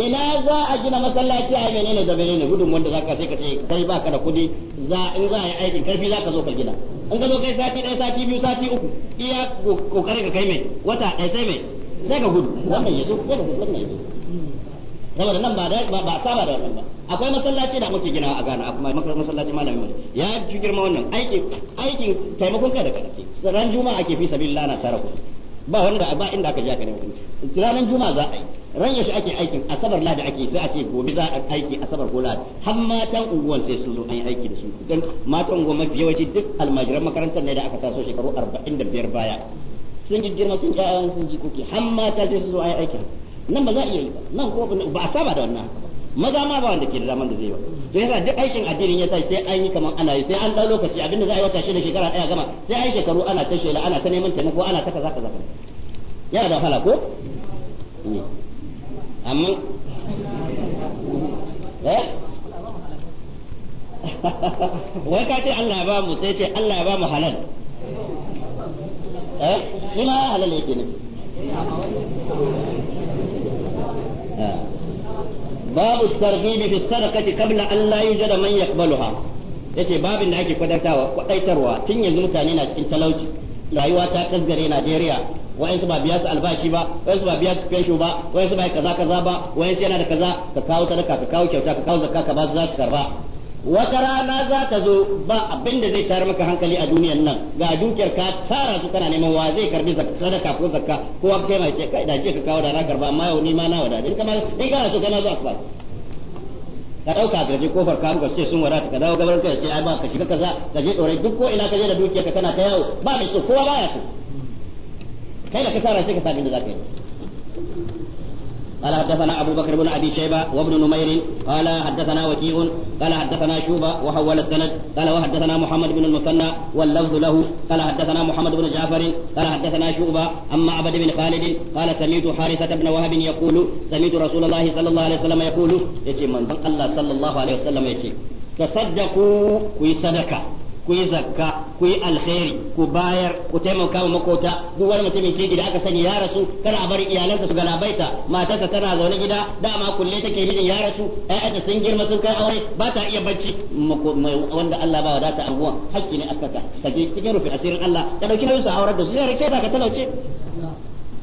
ina za a gina masallaci a menene da menene gudun wanda zaka sai ka ce kai baka da kudi za in za a yi aikin karfi zaka zo ka gina in ka zo kai sati ɗaya sati biyu sati uku iya kokarin ka kai mai wata ɗaya sai mai sai ka gudu wannan yazo sai ka gudu wannan yazo saboda nan ba da ba saba da wannan ba akwai masallaci da muke gina a Ghana akwai masallaci malami wani ya ji girma wannan aikin aikin taimakon kai da karfi ran juma'a ake fi sabilillah na tarako ba wanda ba inda aka ji aka nemi kuɗi ranar juma'a za a yi ran yaushe ake aikin asabar ladi ake sai a ce gobe za a aiki asabar ko ladi har matan unguwan sai sun zo an yi aiki da su don matan unguwan mafi yawanci duk almajiran makarantar ne da aka taso shekaru arba'in da biyar baya sun ji girma sun ji sun ji kuki har mata sai sun zo an yi aikin nan ba za a iya yi ba nan ko ba a saba da wannan ba maza ma ba wanda ke da zaman da zai ba don yasa duk aikin addinin ya tashi sai an yi kamar ana yi sai an ɗau lokaci abinda za a yi wata shida shekara ɗaya gama sai an shekaru ana ta shela ana ta neman taimako ana ta kaza kaza yana da wahala ko amma eh wai ka ce Allah ba mu sai ce Allah ba mu halal eh shi ma halal yake ne ah. babu targhibi fi sadaqati qabla an la yujada man yaqbaluha yace babin da ake kwadatawa kwadaitarwa tun yanzu mutane na cikin talauci rayuwa ta kasgare Najeriya wayansu ba biya su albashi ba wayansu ba biya su pension ba wayansu ba kaza kaza ba wayansu yana da kaza ka kawo sadaka ka kawo kyauta ka kawo zakka ka ba su za su karba wata rana za ta zo ba abin da zai tare maka hankali a duniyan nan ga dukiyar ka tara su kana neman wa zai karbi sadaka ko zakka ko wa kai mai ce kai da ce ka kawo da na karba amma yau ni ma na wada in kamar in kana so kana zo akbar ka dauka ka je kofar ka ce sun wadata ka dawo gaban ka sai ai ba ka shiga kaza ka je dore duk ko ina ka je da dukiyar ka kana ta yawo ba mai so kowa baya so kai da ka tara shi ka sabin da zaka yi قال حدثنا ابو بكر بن ابي شيبه وابن نمير قال حدثنا وكيع قال حدثنا شوبه وحول السند قال وحدثنا محمد بن المثنى واللفظ له قال حدثنا محمد بن جعفر قال حدثنا شوبه اما عبد بن خالد قال سميت حارثه بن وهب يقول سميت رسول الله صلى الله عليه وسلم يقول يجي من الله صلى الله عليه وسلم يجي تصدقوا ويصدقوا kuyi yi zakka kuyi yi ku bayar ku taimaka wa makota duk wani mutumin kirki da aka sani ya rasu kana a bar iyalansa su galabaita matarsa tana zaune gida dama kulle take mijin ya rasu ƴaƴanta sun girma sun kai aure ba ta iya bacci wanda Allah ba wadata abuwan hakki ne aka ka cikin rufin asirin Allah ka dauki nauyin su aurar da su sai ka talauce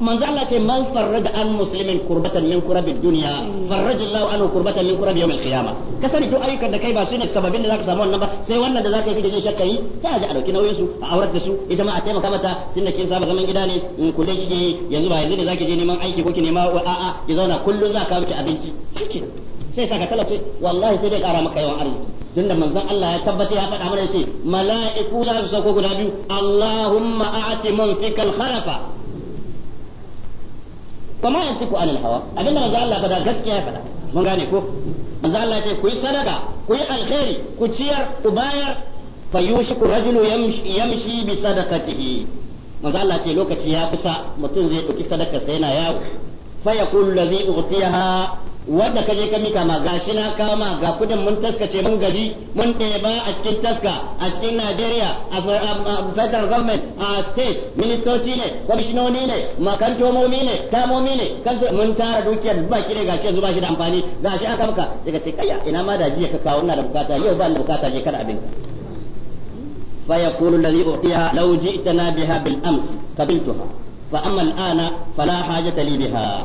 manzo Allah ce man farraja an musulmin kurbatan min kurabi dunya farraja Allah anhu kurbatan min kurabi yawm al-qiyama ka sani da kai ba ne sababin da zaka samu wannan ba sai wannan da zaka yi da shakka yi sai a ji a dauki nauyin su a aurar da su ita ma a taimaka mata tunda kin saba zaman gida ne in ku dai kike yanzu ba yanzu ne zaki je neman aiki ko ki nema wa a'a ki zauna kullun za ka miki abinci sai ka talauce walahi sai dai kara maka yawan arziki tunda manzon Allah ya tabbata ya faɗa mana yace mala'iku za su sauko guda biyu Allahumma a'ti mun munfikal khalafa wa ma yantiku anil hawa abinda manzo Allah fada gaskiya fada mun gane ko manzo Allah ce ku yi sadaka ku yi alkhairi ku ciyar ku bayar fayushiku rajulu yamshi bi sadaqatihi manzo Allah ce lokaci ya kusa mutum zai dauki sadaka sai yana yawo fa yaqulu ladhi utiyaha wanda ka je ka mika ma gashi na kama ga kudin mun taskace mun gaji mun ɗeba a cikin taska a cikin Najeriya a federal government a state ministoci ne kwamishinoni ne makantomomi ne tamomi ne kansu mun tara dukiyar ba kire ne gashi yanzu shi da amfani gashi aka maka daga ce kayya ina ma da jiya ka kawo ina da bukata yau ba ni bukata je kada abin فيقول الذي أعطيها لو جئتنا بها بالأمس قبلتها فأما الآن fala hajata li biha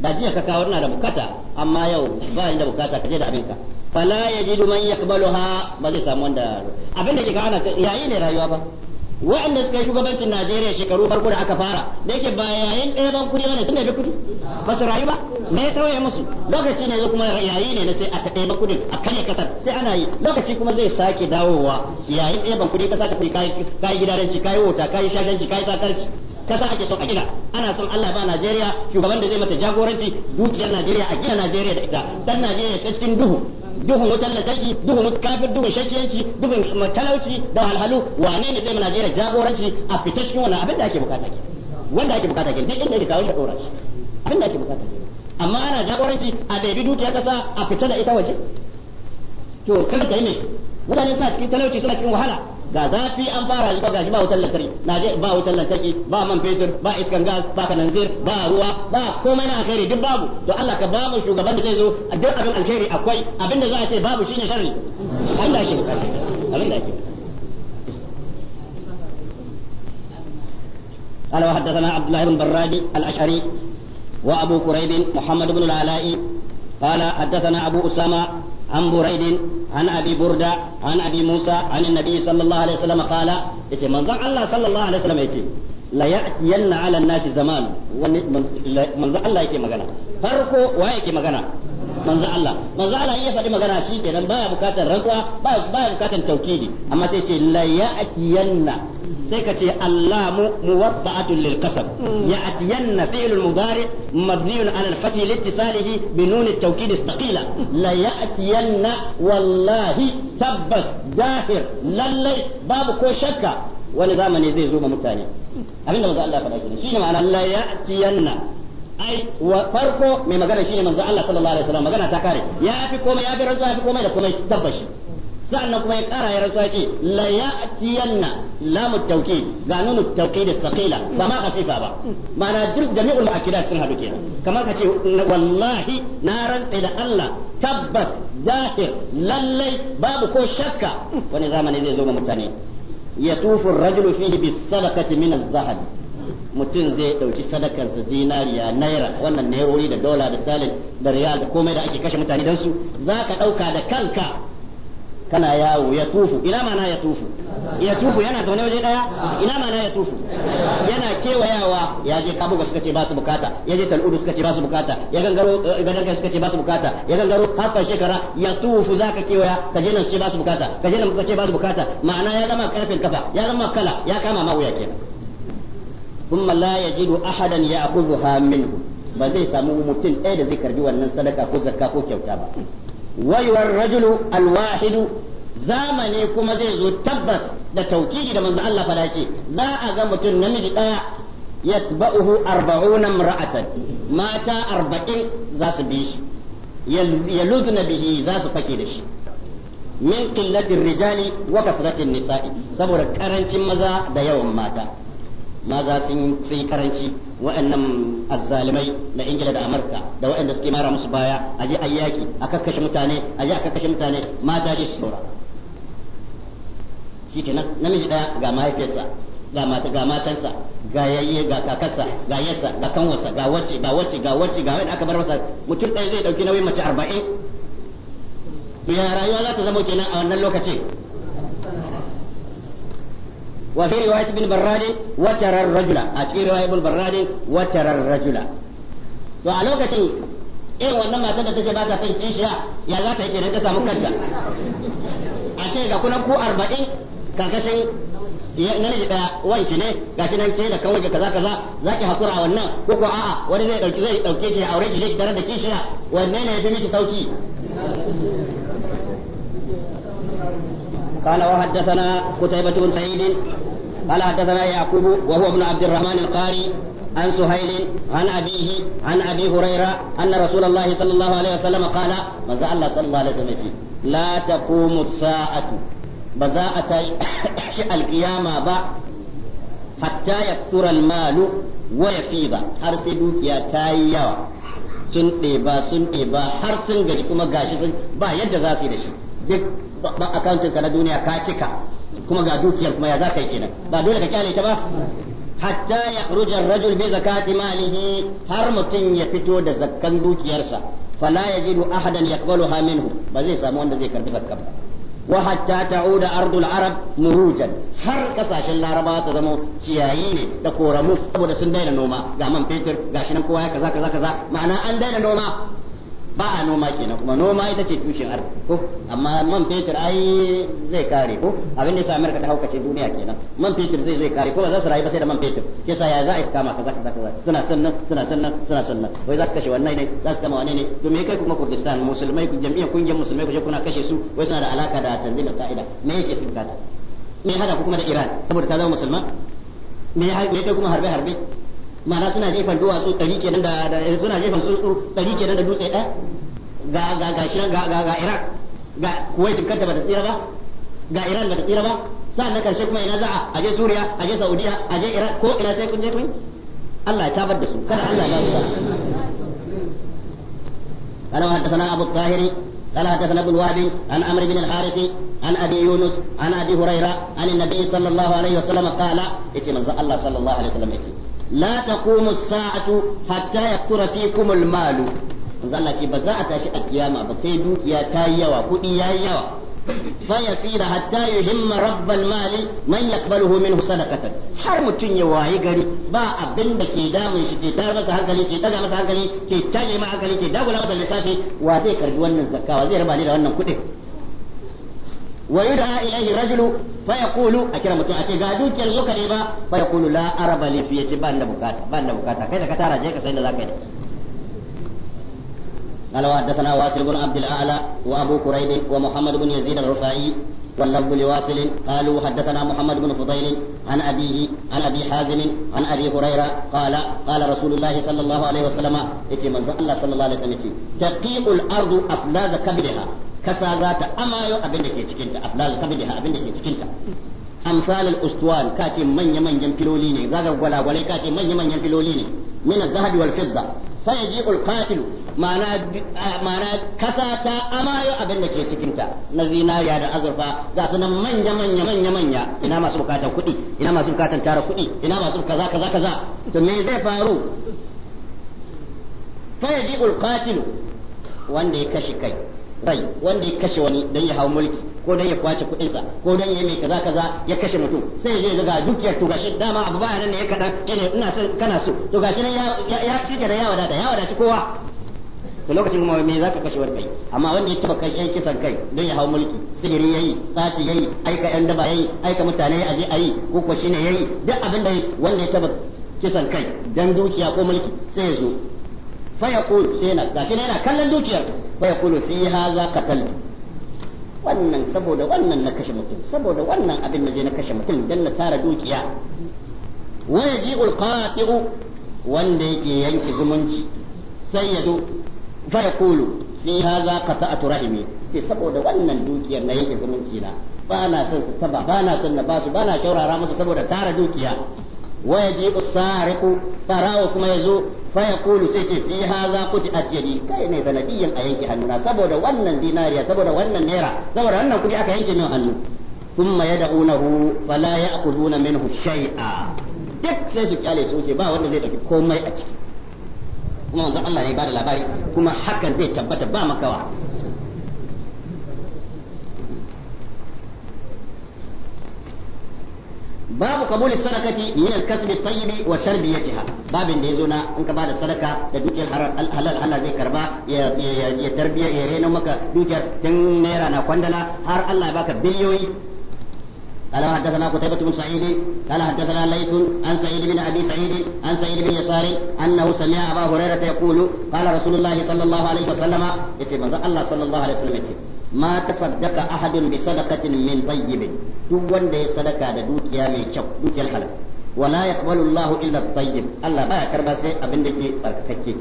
da jiya ka kawo na da bukata amma yau ba ni da bukata ka je da abinka fala yajidu man yakbaluha ba zai samu wanda abin da ke kana yayi ne rayuwa ba waɗanda suka yi shugabancin Najeriya shekaru farko da aka fara da yake ba yayin ɗaya ban kuɗi bane sun da kuɗi ba su rayu ba me ya tawaye musu lokaci ne zai kuma yayi ne na sai a taɓa ban kuɗi a kare kasar sai ana yi lokaci kuma zai sake dawowa yayin ɗaya ban kuɗi ka sake kuɗi kayi gidaranci kayi wota kayi shashanci kayi sakarci kasa ake son a gina ana son Allah ba Najeriya shugaban da zai mata jagoranci dukiyar Najeriya a gina Najeriya da ita dan Najeriya ta cikin duhu duhun wutar lantarki duhun kafin duhun shakiyanci duhun talauci da halhalu wane ne zai ma Najeriya jagoranci a fita cikin wannan abin da ake bukata ke wanda ake bukata ke duk inda ka kawo da dora shi abin da ake bukata ke amma ana jagoranci a daidai dukiyar kasa a fita da ita waje to kada yi ne mutane suna cikin talauci suna cikin wahala ga zafi an fara zuwa gashi ba wutar lantarki na je ba wutar lantarki ba man fetur ba iskan gas ba kananzir ba ruwa ba komai na alheri duk babu to Allah ka ba mu shugaban da zai zo duk abin alheri akwai abin da za a ce babu shine sharri shi abin da ake قال وحدثنا عبد الله بن برادي الأشعري وأبو كريب محمد بن العلاء قال حدثنا أبو أسامة عن بريد عن ابي برده عن ابي موسى عن النبي صلى الله عليه وسلم قال يتي من الله صلى الله عليه وسلم يتي la ya'tiyanna 'ala an-nasi zaman wani manzo Allah yake magana farko wa yake magana manzo Allah manzo Allah ya faɗi magana shi kenan baya bukatar rantsuwa baya bukatar taukidi amma sai ce la ya'tiyanna sai ka ce allamu muwadda'atun lil qasam ya'tiyanna fi'l mudari mabniun ala al-fath li ittisalihi bi nun at-tawkid istaqila la ya'tiyanna wallahi tabbas dahir lallai babu ko shakka wani zamani zai zo ga mutane abinda manzo Allah ya faɗa kenan shine ma'ana la ya'tiyanna ai wa farko mai magana shine manzo Allah sallallahu alaihi wasallam magana ta kare ya fi komai ya fi rasuwa ya fi komai da komai tabbashi sa'annan kuma ya kara ya rasuwa ce la ya'tiyanna la tawkid ga nunu tawkid thaqila ba ma khafifa ba ma'ana duk jami'ul akidat sun hadu kenan kamar ka ce wallahi na rantsa da Allah tabbas zahir lallai babu ko shakka wani zamani zai zo ga mutane yatufu ar-rajulu fihi bis sadaqati min az zahab mutum zai ɗauki sadakarsa zinariya naira wannan nairori da dola da stalin da riyal da komai da ake kashe mutane don su za ka ɗauka da kanka kana yawo ya tufu ina mana ya tufu ya tufu yana zaune waje daya ina mana ya tufu yana kewayawa ya je kabuga suka ce ba su bukata ya je tal'udu suka ce ba su bukata ya gangaro eh, gadanka suka ce ba su bukata ya gangaro hafa shekara ya tufu zaka kewaya ka je nan su ce ba su bukata ka je nan ka ce ba su bukata ma'ana ya zama karfin kafa ya zama kala ya kama ma wuya kenan thumma la yajidu ahadan ya'khudhuha minhu ba zai samu mutum ɗaya da zai karbi wannan sadaka ko zakka ko kyauta ba wayuwar rajulu alwahidu zamani kuma zai zo tabbas da taukiji da manzo Allah fada ce za a ga mutum namiji daya yatba'uhu arba'una imra'atan mata arba'in za su bi shi yaluzna bihi za su fake da shi min qillati rijali wa nisa'i saboda karancin maza da yawan mata maza sun yi karanci wa'annan azzalimai na ingila da amurka da wa'anda suke mara musu baya a je a yaki a kakkashe mutane a je a kakkashe mutane mata shi saura shi ke namiji daya ga mahaifiyarsa ga mata ga matansa ga yayye ga kakarsa ga yarsa ga kanwarsa ga wacce ga wacce ga wacce ga wani aka bar masa mutum ɗaya zai ɗauki nauyin mace arba'in ya rayuwa za ta zama kenan a wannan lokacin وفي رواية ابن براد وترى الرجل أتي رواية ابن براد وترى الرجل وعلى وقت إيه وإنما تدى تشي باتا سنت إنشاء يا ذاتا يكي ردسا مكتا أتي إذا كنا كو أربعين كاكشي namiji da wanki ne gashi nan ke da kawai ga kaza kaza zaki hakura a wannan ko ko a'a wani zai dauki zai dauke ki aure ki shi tare da kishiya wanne ne ya fi miki sauki قال وحدثنا قتيبة بن سعيد قال حدثنا يعقوب وهو ابن عبد الرحمن القاري عن سهيل عن أبيه عن أبي هريرة أن رسول الله صلى الله عليه وسلم قال مزاء الله صلى الله عليه وسلم لا تقوم الساعة بزاءة القيامة با حتى يكثر المال ويفيض har يا dukiya سن إبا سن إبا حرسن sun ɗeba har sun gaji kuma duk akauntin ka na duniya ka cika kuma ga dukiyar kuma ya za ka yi kenan ba dole ka kyale ta ba hatta ya rujar rajul bi zakati malihi har mutum ya fito da zakkan dukiyarsa fala yajidu ahadan yaqbaluha minhu ba zai samu wanda zai karbi zakka ba wa hatta ta'uda ardul arab murujan har kasashen laraba ta zama ciyayi ne da koramu saboda sun daina noma ga man fetur gashi nan kowa ya kaza kaza kaza ma'ana an daina noma ba a noma kenan kuma noma ita ce tushen arziki ko amma man fetur ai zai kare ko abin da yasa Amerika ta haukace duniya kenan man fetur zai zai kare ko ba za su rayu ba sai da man fetur sa ya za a iska ma kaza kaza kaza suna sannan suna sannan suna sannan wai za su kashe wannan ne za su kama wani ne to me kai kuma Kurdistan musulmai ku jami'a kungiyar musulmai ku je kuna kashe su wai suna da alaka da tanzila ka'ida me yake sun kata me hada ku kuma da Iran saboda ta zama musulma me kai kuma harbe harbe ma'ana suna jefan duwatsu ɗari kenan da eh, suna jefan tsuntsu ɗari kenan da dutse ɗaya ga ga ga shi ga ga ga Iran ga Kuwait kanta bata tsira ba ga Iran bata tsira ba sa'an sannan karshe kuma ina za a aje Suriya aje Saudiya aje Iran ko ina sai kun je kun Allah ya tabar da su kada Allah ya ba su قال وحدثنا أبو الطاهر قال حدثنا ابن وهب عن عمرو بن الحارث عن ابي يونس عن ابي هريره عن النبي صلى الله عليه وسلم قال اتي الله صلى الله عليه وسلم اتي Lata taqumu as-sa'atu hatta yaktura fikum malu manzo Allah ce ba za a tashi alkiyama ba sai dukiya ta yi yawa kuɗi ya yi yawa fa da hatta himma rabbal mali man yaqbaluhu minhu sadaqatan har mutun ya wayi gari ba abin da ke damun shi ke tar masa hankali ke daga masa hankali ke caje ma hankali ke dagula masa lissafi wa zai karbi wannan zakka wa zai raba ni da wannan kuɗin ويدعى إليه الرجل فيقول أكيرا متون أشي قادو كي لزوك ريبا فيقول لا أرب لي في يشي بان بكاتا بان بكاتا كيدا كتارا جيكا سيدنا ذاك كيدا قال وحدثنا واصل بن عبد الأعلى وأبو كريب ومحمد بن يزيد الرفاعي واللفظ لواصل قالوا حدثنا محمد بن فضيل عن أبيه عن أبي حازم عن أبي هريرة قال قال رسول الله صلى الله عليه وسلم إتي من الله صلى الله عليه وسلم تقيء الأرض أفلاذ كبدها كسا ذات أمايو أبنك يتكنت أفلاذ كبدها أبنك يتكنت amsal al-ustuwan kace manya manyan filoli ne zaga gwalagwalai kace manya manyan filoli ne min az-zahabi wal fidda fa yaji'ul qatil ma'ana ma'ana kasa ta amayo abin da ke cikinta na zinariya da azurfa ga sunan manya manya manya manya ina masu bukatan kuɗi ina masu bukatan tara kuɗi ina masu kaza kaza kaza to me zai faru fa yaji'ul qatil wanda ya kashe kai wanda ya kashe wani dan ya hawo mulki ko don ya kwace kuɗinsa ko don ya yi mai kaza kaza ya kashe mutum sai ya je ga dukiyar to gashi dama abu baya nan ne ya kaɗan kene ina son kana so to gashi nan ya cike da ya wadata ya wadaci kowa to lokacin kuma me zaka kashe wani kai amma wanda ya taba kai yan kisan kai don ya hau mulki sihiri yayi tsafi yayi aika yan daba yayi aika mutane aje ayi ko ko shine yayi duk abin da wanda ya taba kisan kai dan dukiya ko mulki sai ya zo fa yaqulu sai yana gashi yana kallon dukiyar fa yaqulu fi hadha qataltu wannan saboda wannan na kashe mutum saboda wannan abin na je na kashe mutum dan na tara dukiya wa yaji'ul qati'u wanda yake yanke zumunci sai ya zo fa yaqulu fi hadha qata'atu rahimi sai saboda wannan dukiyar na yanke zumunci na ba na son su taba ba na son na basu ba na shaurara musu saboda tara dukiya ويجيء السارق فراو كما يزو فيقول سيتي في هذا قطعت يدي كاي ne sanadiyan a yanke hannuna saboda wannan zinariya saboda wannan naira saboda wannan kudi aka yanke min hannu thumma yad'unahu fala ya'khuduna minhu shay'a duk sai su kyale su ce ba wanda zai dauki komai a ciki kuma manzon Allah ne ba da labari kuma hakan zai tabbata ba makawa babu kabulin sadakati min al-kasb wa tayyib wa tarbiyatiha babin da yazo na in ka da sadaka da dukiyar halal Allah zai karba ya ya ya maka dukiyar tun naira na kwandala har Allah ya baka biliyoyi قال حدثنا قتيبة بن سعيد قال حدثنا ليث عن سعيد بن ابي سعيد عن سعيد بن يسار سمع هريرة يقول قال رسول الله صلى الله عليه وسلم الله صلى الله عليه وسلم ma tasaddaqa ahadun bi sadaqatin min tayyibin duk wanda ya sadaka da dukiya mai kyau dukiyar halal wala yaqbalu Allahu illa tayyib Allah baya karba sai abin da ke tsarkake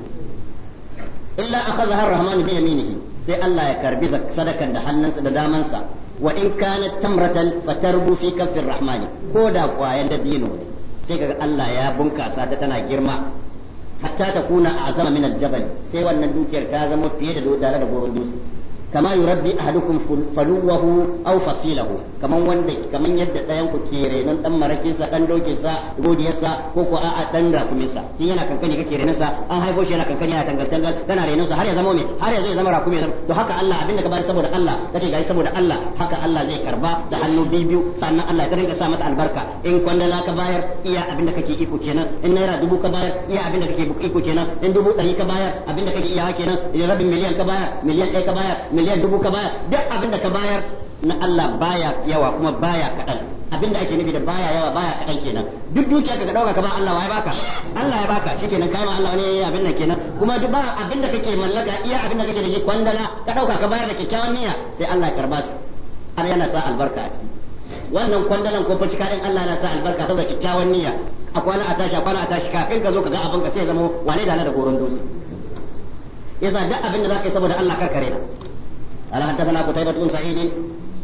illa akhadha ar-rahman bi yaminihi sai Allah ya karbi sadakan da hannunsa da damansa wa in kanat tamratan fatarbu fi kaffi ar-rahman ko da kwayan dabino ne sai kaga Allah ya bunkasa ta tana girma hatta takuna a'zama min al-jabal sai wannan dukiyar ta zama fiye da dole da goron dutse kama yurabbi ahadukum faluwahu aw fasilahu kaman wanda kaman yadda dayan ku ke renon dan marakin sa dan dokin sa godiyar sa ko ko a'a dan rakumin sa tun yana kankani kake renon sa an haifo shi yana kankani yana tangal tangal kana renon sa har ya zama me har ya zai zama rakumi to haka Allah abinda ka bayar saboda Allah kace gai saboda Allah haka Allah zai karba da hannu biyu sannan Allah ya rinka sa masa albarka in kwandala ka bayar iya abinda kake iko kenan in naira dubu ka bayar iya abinda kake iko kenan in dubu ɗari ka bayar abinda kake kenan idan rabin miliyan ka bayar miliyan miliyan dubu ka bayar duk abin da ka bayar na Allah baya yawa kuma baya kaɗan abin da ake nufi da baya yawa baya kaɗan kenan duk dukiya ka ɗauka ka ba Allah ya baka Allah ya baka shi kenan kai ma Allah ne abin da kenan kuma duk ba abin da kake mallaka iya abin da kake da shi kwandala ka ɗauka ka bayar da kyakkyawan niyya sai Allah ya karba su har yana sa albarka a ciki wannan kwandalan ko fuska din Allah na sa albarka saboda kyakkyawan niyya a kwana a tashi a kwana a tashi kafin ka zo ka ga abin ka sai ya zama wane da da goron dutse yasa duk abin da zaka yi saboda Allah kar kare na قال حدثنا قتيبة بن سعيد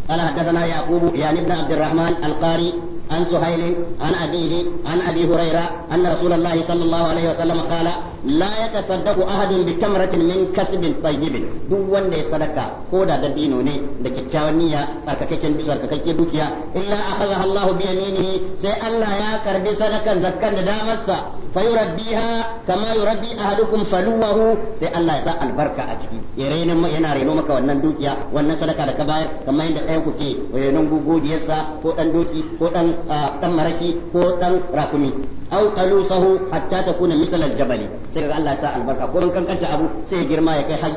قال حدثنا يعقوب يعني ابن عبد الرحمن القاري عن سهيل عن أبيه عن أبي هريرة أن رسول الله صلى الله عليه وسلم قال لا يتصدق أحد بتمرة من كسب طيب دو وند صدقة كودا دبينو ني دكتاونية سركككين بسركككين دوكيا إلا أخذها الله بيمينه سي الله يا كربي صدقة زكاة دامسة فيربيها كما يربي أحدكم فلوه سي الله يسا البركة أتكي يرين ينا رينو مكا ونن دوكيا ونن صدقة دكباير كما يند أيوكي وينن غوغو ديسا كودن دوكي كودن ɗan maraki ko ɗan rakumi aw talusahu hatta takuna mithla al-jabali sai kaga Allah sa albarka ko kan kankanta abu sai girma ya kai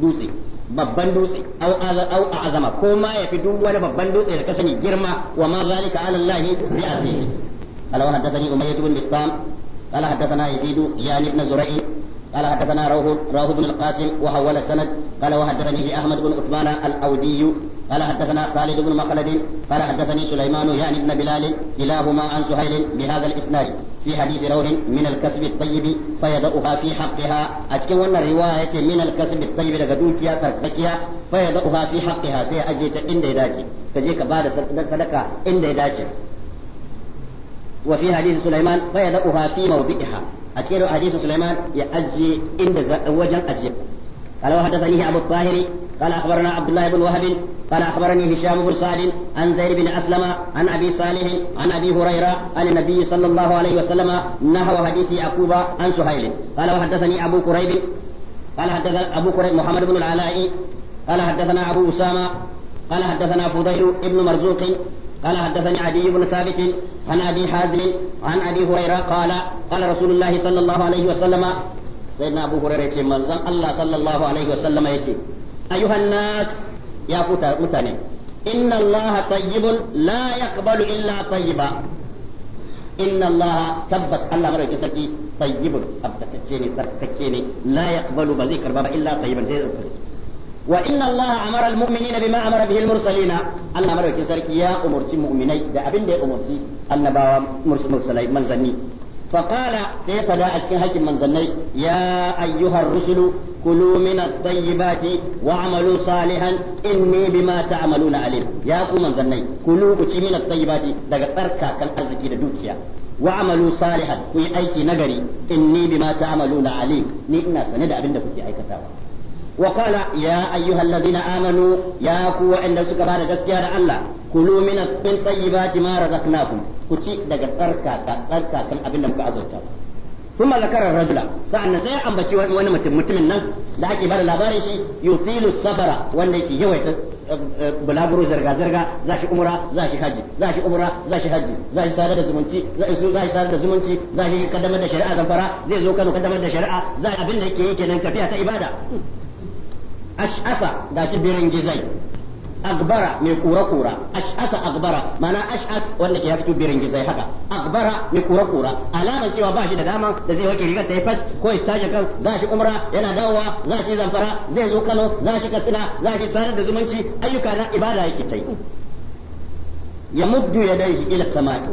dutse babban dutse au aw azama ko ma ya fi duk wani babban dutse da kasani girma wa ma zalika ala Allah bi azizi قال وحدثني أمية بن بسطام قال حدثنا يزيد يعني بن زريع قال حدثنا روح روح بن القاسم وحول السند قال وحدثني احمد بن عثمان الاودي قال حدثنا خالد بن مخلد قال حدثني سليمان يعني بن بلال كلاهما عن سهيل بهذا الاسناد في حديث روح من الكسب الطيب فيضعها في حقها اشكن ان riwaya من الكسب الطيب daga dukiya فيضعها في حقها سي اجيت ta inda تجيك بعد صدقه ka bada وفي حديث سليمان فيضعها في موضعها أشكال حديث سليمان يأجي عند وجن أجي قال وحدثني أبو الطاهر قال أخبرنا عبد الله بن وهب قال أخبرني هشام بن سعد عن زيد بن أسلم عن أبي صالح عن أبي هريرة عن النبي صلى الله عليه وسلم نهى حديث يعقوب عن سهيل قال وحدثني أبو كريب قال حدثنا أبو كريب محمد بن العلاء قال حدثنا أبو أسامة قال حدثنا فضيل بن مرزوق قال حدثني عدي بن ثابت عن أبي حازم عن أبي هريرة قال قال رسول الله صلى الله عليه وسلم سيدنا أبو هريرة من الله صلى الله عليه وسلم يتي ayyuhan nas ya ku mutane inna Allah tayyibun la yaqbalu illa tabbas Allah madauki sarki tayyibun tabbatacce ne sarkake ne la yaqbalu ba zai وإن الله أمر المؤمنين بما أمر به المرسلين الله أمر يا أمرتي مؤمني ده أبين ده أمرتي النبا منزني فقال سيفدا أشكي حكم من زني يا أيها الرسل كلوا من الطيبات وعملوا صالحا إني بما تعملون عليم يا كو من زني كلوا كتي من الطيبات دقا تركا كان أرزكي دوكيا وعملوا صالحا كي أيكي نغري إني بما تعملون عليم نئنا سند أبن دفكي أيكتاوا وقال يا أيها الذين آمنوا يا قوة عند سكبار جسكيار الله كلوا من من ما رزقناكم كتي دقا تركا تركا كم أبنا ثم ذكر الرجل سعنا سيا أم بتشي وانا متمنا يطيل السفر وانا يكي يويت shi umra za shi haji za shi umra za shi haji za shi zai zo da shari'a abin da yake yi kenan tafiya ta ibada ash'asa shi birin gizai agbara mai kura-kura ash'asa agbara mana ash'as wanda ke fito birin gizai haka agbara mai kura-kura alamar cewa ba shi da dama da zai wake rigar ta fas ko ya tashi kan za shi umra yana dawowa za shi zamfara zai zo kano za shi katsina za shi sanar da zumunci ayyuka na ibada yake ta yi ya muddu ya dai ila samatu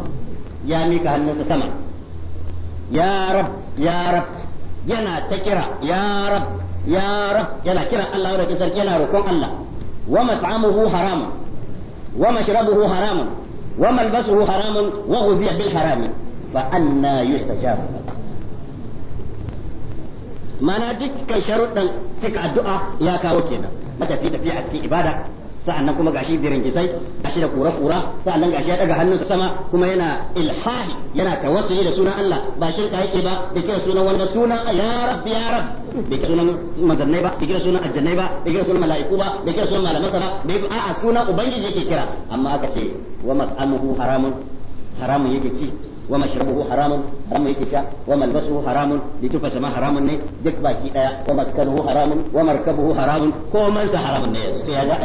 ya mika hannunsa sama ya rab ya rab yana ta kira ya rab ya rab yana kiran Allah ya roƙi yana roƙon Allah wa mat'amuhu haramun wa mashrabuhu haramun wa malbasuhu haramun wa ghudhiya bil harami fa anna yustajabu mana dukkan sharuɗan cika addu'a ya kawo kenan matafi tafiya a cikin ibada sa'annan kuma gashi birin kisai gashi da kura kura sa'annan gashi ya daga hannunsa sama kuma yana ilhami yana tawassuli da sunan Allah ba shirka yake ba da kira sunan wanda sunan ya rabbi ya rab da kira sunan mazannai ba da kira sunan ajannai ba da kira sunan mala'iku ba da kira sunan malaman sa ba da a'a sunan ubangiji yake kira amma aka ce wa mas'aluhu haramun haramun yake ci ومشربه حرام حرام يكشى وملبسه حرام لتوفى سما حرام ني دك باكي دايا ومسكنه حرام ومركبه حرام كومن حرام ني يا ذا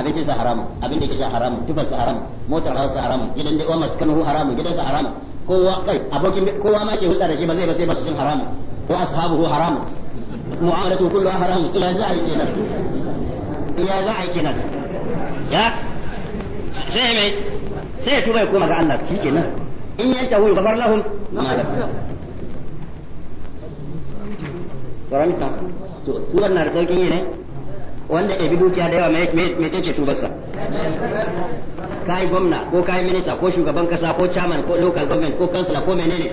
abincin sa haramu abin da yake sha haramun tufa sa haramu motar hawa sa haramu gidan da wamma sukan haramu gidan sa haramu kowa kai abokin kowa ma ke hulɗa da shi ba zai ba sai ba su cin haramu ko ashabuhu haramu mu'amalatu kullu haramun ila ya za a yi kenan ya za a yi kenan ya sai mai sai ya tuba ya koma ga Allah kenan in yanta hu gabar lahum ma sauran ta to tuwar na da saukin yi ne wanda ɗabi dukiya da yawa mai ce tubarsa ka yi gwamna ko ka yi minista ko shugaban kasa ko chairman ko local government ko kansila ko menene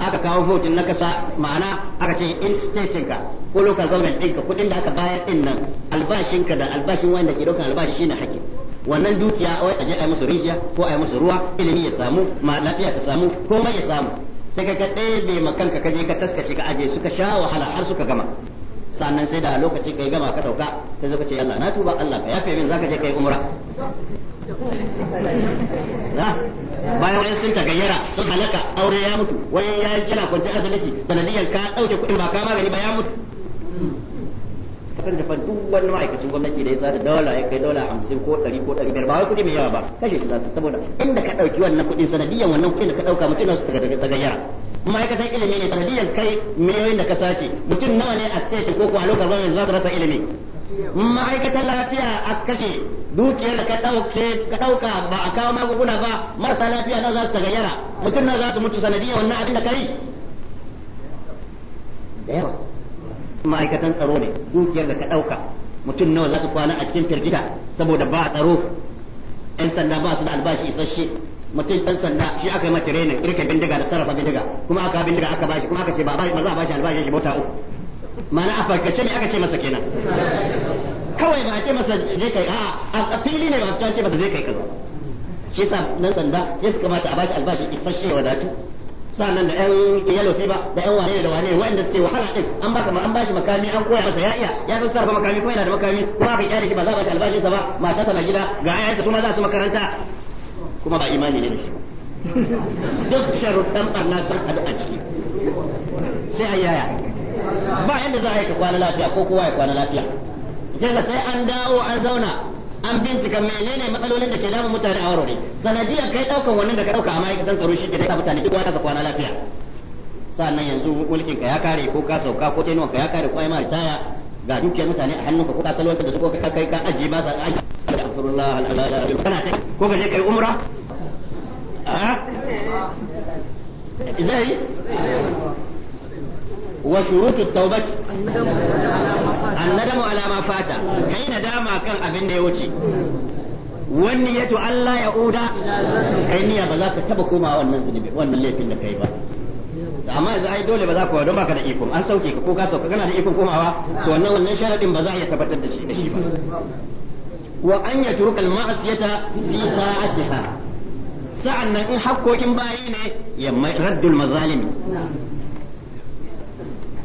aka kawo votin na kasa ma'ana aka ce in state ka ko local government ɗinka kuɗin da aka bayar ɗin nan albashinka da albashin wanda ke ɗaukan albashi shine hakki wannan dukiya wai aje ai musu rijiya ko ai musu ruwa ilimi ya samu ma lafiya ta samu komai ya samu sai ka ɗebe kanka ka je ka taskace ka aje suka sha wahala har suka gama sannan sai da lokaci kai gama ka sauka sai zaka ce Allah na tuba Allah ka yafe min zaka je kai umra na bayan wani sun tagayyara sun halaka aure ya mutu wani ya yana kwanci asibiti sanadiyar ka dauke kuɗin ba ka magani ba ya mutu kasan japan duk wani ma'aikacin gwamnati da ya sa da dola ya kai dola hamsin ko ɗari ko ɗari biyar ba wai kuɗi mai yawa ba kashe shi zasu saboda inda ka ɗauki wannan kuɗin sanadiyan wannan kuɗin da ka ɗauka mutum na su daga yara. ma'aikatan ilimi ne sanadiyan kai miliyoyin da ka sace mutum nawa ne a state ko ko a lokacin gwamnati za su rasa ilimi ma'aikatan lafiya a kashe dukiyar da ka ɗauke ka ɗauka ba a kawo magunguna ba marasa lafiya na za su daga yara mutum na za su mutu sanadiyan wannan abin da ka yi da yawa ma'aikatan tsaro ne dukiyar da ka ɗauka mutum nawa za su kwana a cikin firgita saboda ba tsaro ɗan sanda ba su da albashi isasshe mutum ɗan sanda shi aka yi mata renin irka bindiga da sarrafa bindiga kuma aka bindiga aka bashi kuma aka ce ba za a bashi albashi shi bauta uku ma'ana a farkace ne aka ce masa kenan kawai ba a ce masa je kai a fili ne ba a ce masa je kai kaza shi sa nan sanda shi kamata a bashi albashi isasshe wadatu sannan da yalo fi ba da ɗan wane da wane waɗanda suke wahala ɗin an baka an bashi makami an koya masa ya iya ya san sarrafa makami kuma yana da makami kuma aka kyale shi ba za a bashi albashinsa ba sa na gida ga ayyansa su ma za su makaranta kuma ba imani ne da shi duk sharuɗan barna sun haɗu a ciki sai a yaya ba yadda za a yi ka kwana lafiya ko kowa ya kwana lafiya sai an dawo an zauna an bincika menene matsalolin da ke damun mutane a warware sanadiyar kai daukan wannan da ka dauka a ma'aikatan tsaro shi ke da mutane duk wata kwana lafiya sannan yanzu mulkin ka ya kare ko ka sauka ko tainuwan ka ya kare ko ai ma taya ga dukiyar mutane a hannunka ko ka salwantar da su ko ka kai ka ajiye ba sa aji alhamdulillah alhamdulillah kana ta ko ka je kai umra a ah? zai wa shurutu tawbati annadamu ala ma fata kai nadama kan abin da ya wuce wani ya to Allah ya oda kai niyya ba za ka taba wannan wannan laifin da ba amma yanzu ai dole ba za ka don baka da ikon an sauke ka ko ka sauka kana da ikon komawa to wannan wannan sharadin ba za a iya tabbatar da shi da shi ba wa an yatruka al-ma'siyata fi sa'atiha sa'annan in hakkokin bayi ne ya raddul mazalimi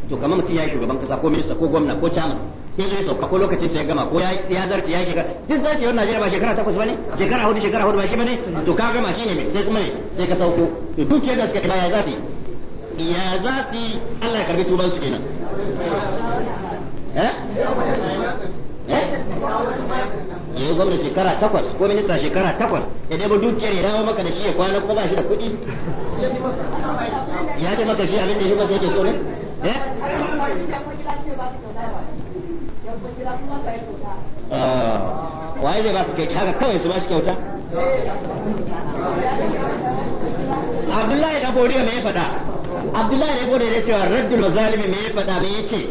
to kamar mutum ya yi shugaban kasa ko minista ko gwamna ko chairman sai zai sauka ko lokaci sai gama ko ya zarce ya shekara duk zarce wannan Najeriya ba shekara takwas bane shekara hudu shekara hudu ba shi bane to ka gama shi ne sai kuma ne sai ka sauko to duk yadda suka kira ya za su ya za su Allah ya karbi tuban su kenan eh, eh? ya gwamna shekara takwas ko minista shekara takwas ya dai dukiyar ya dawo maka da shi ya kwana ko ba shi da kuɗi ya ce maka shi abin da shi masa yake so ne Eh? Ah, waye zai baka kyauta haka kawai su ba shi kyauta abdullahi da boriya me ya faɗa abdullahi da boriya ya cewa raddul mazalimi me ya faɗa me ya ce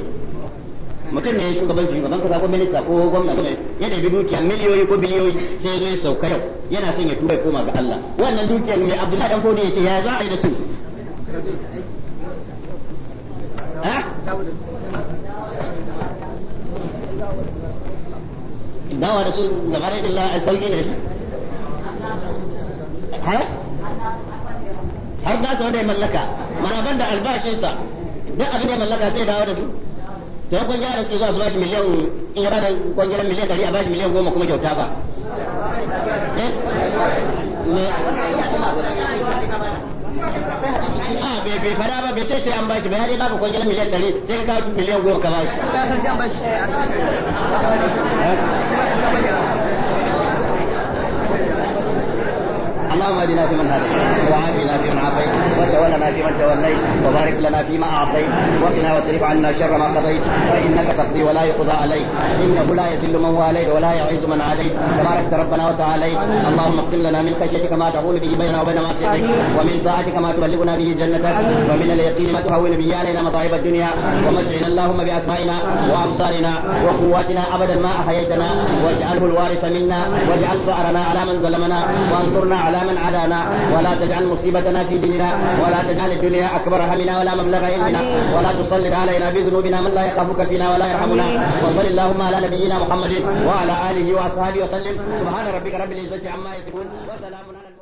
ne shugaban kasa ko minista ko gwamna ko ya bi dukiya miliyoyi ko biliyoyi sai zai sauka yau yana son ya tuba ya koma ga Allah wannan dukiyar ne abdullahi dan boriya ya ce ya za a yi da su dawa da su gaba da illa a sauki ne har har da su wanda ya mallaka mana banda albashinsa duk abin da ya mallaka sai da su kun da suke zuwa su bashi miliyan in ya bada kwangilan miliyan ɗari a bashi miliyan goma kuma kyauta ba eh? a ah, bai bai fada ba bai ce sai an bashi ba ya dai baka kwangilar miliyan ɗari sai ka kawo miliyan goma ka bashi اللهم اهدنا في من هديت وعافنا في من عافيت وتولنا في من توليت وبارك لنا فيما اعطيت وقنا واصرف عنا شر ما قضيت فانك تقضي ولا يقضى عليك انه لا يذل من واليت ولا يعز من عاديت تباركت ربنا وتعاليت اللهم اقسم لنا من خشيتك ما تقول به بيننا وبين معصيتك ومن طاعتك ما تبلغنا به جنتك ومن اليقين ما تهون به علينا مصائب الدنيا ومتعنا اللهم باسمائنا وابصارنا وقواتنا ابدا ما احييتنا واجعله الوارث منا واجعل ثارنا على من ظلمنا وانصرنا على من سلاما على ما ولا تجعل مصيبتنا في ديننا ولا تجعل الدنيا اكبر همنا ولا مبلغ علمنا ولا تسلط علينا بذنوبنا من لا يخافك فينا ولا يرحمنا وصل اللهم على نبينا محمد وعلى اله واصحابه وسلم سبحان ربك رب العزه عما يصفون وسلام على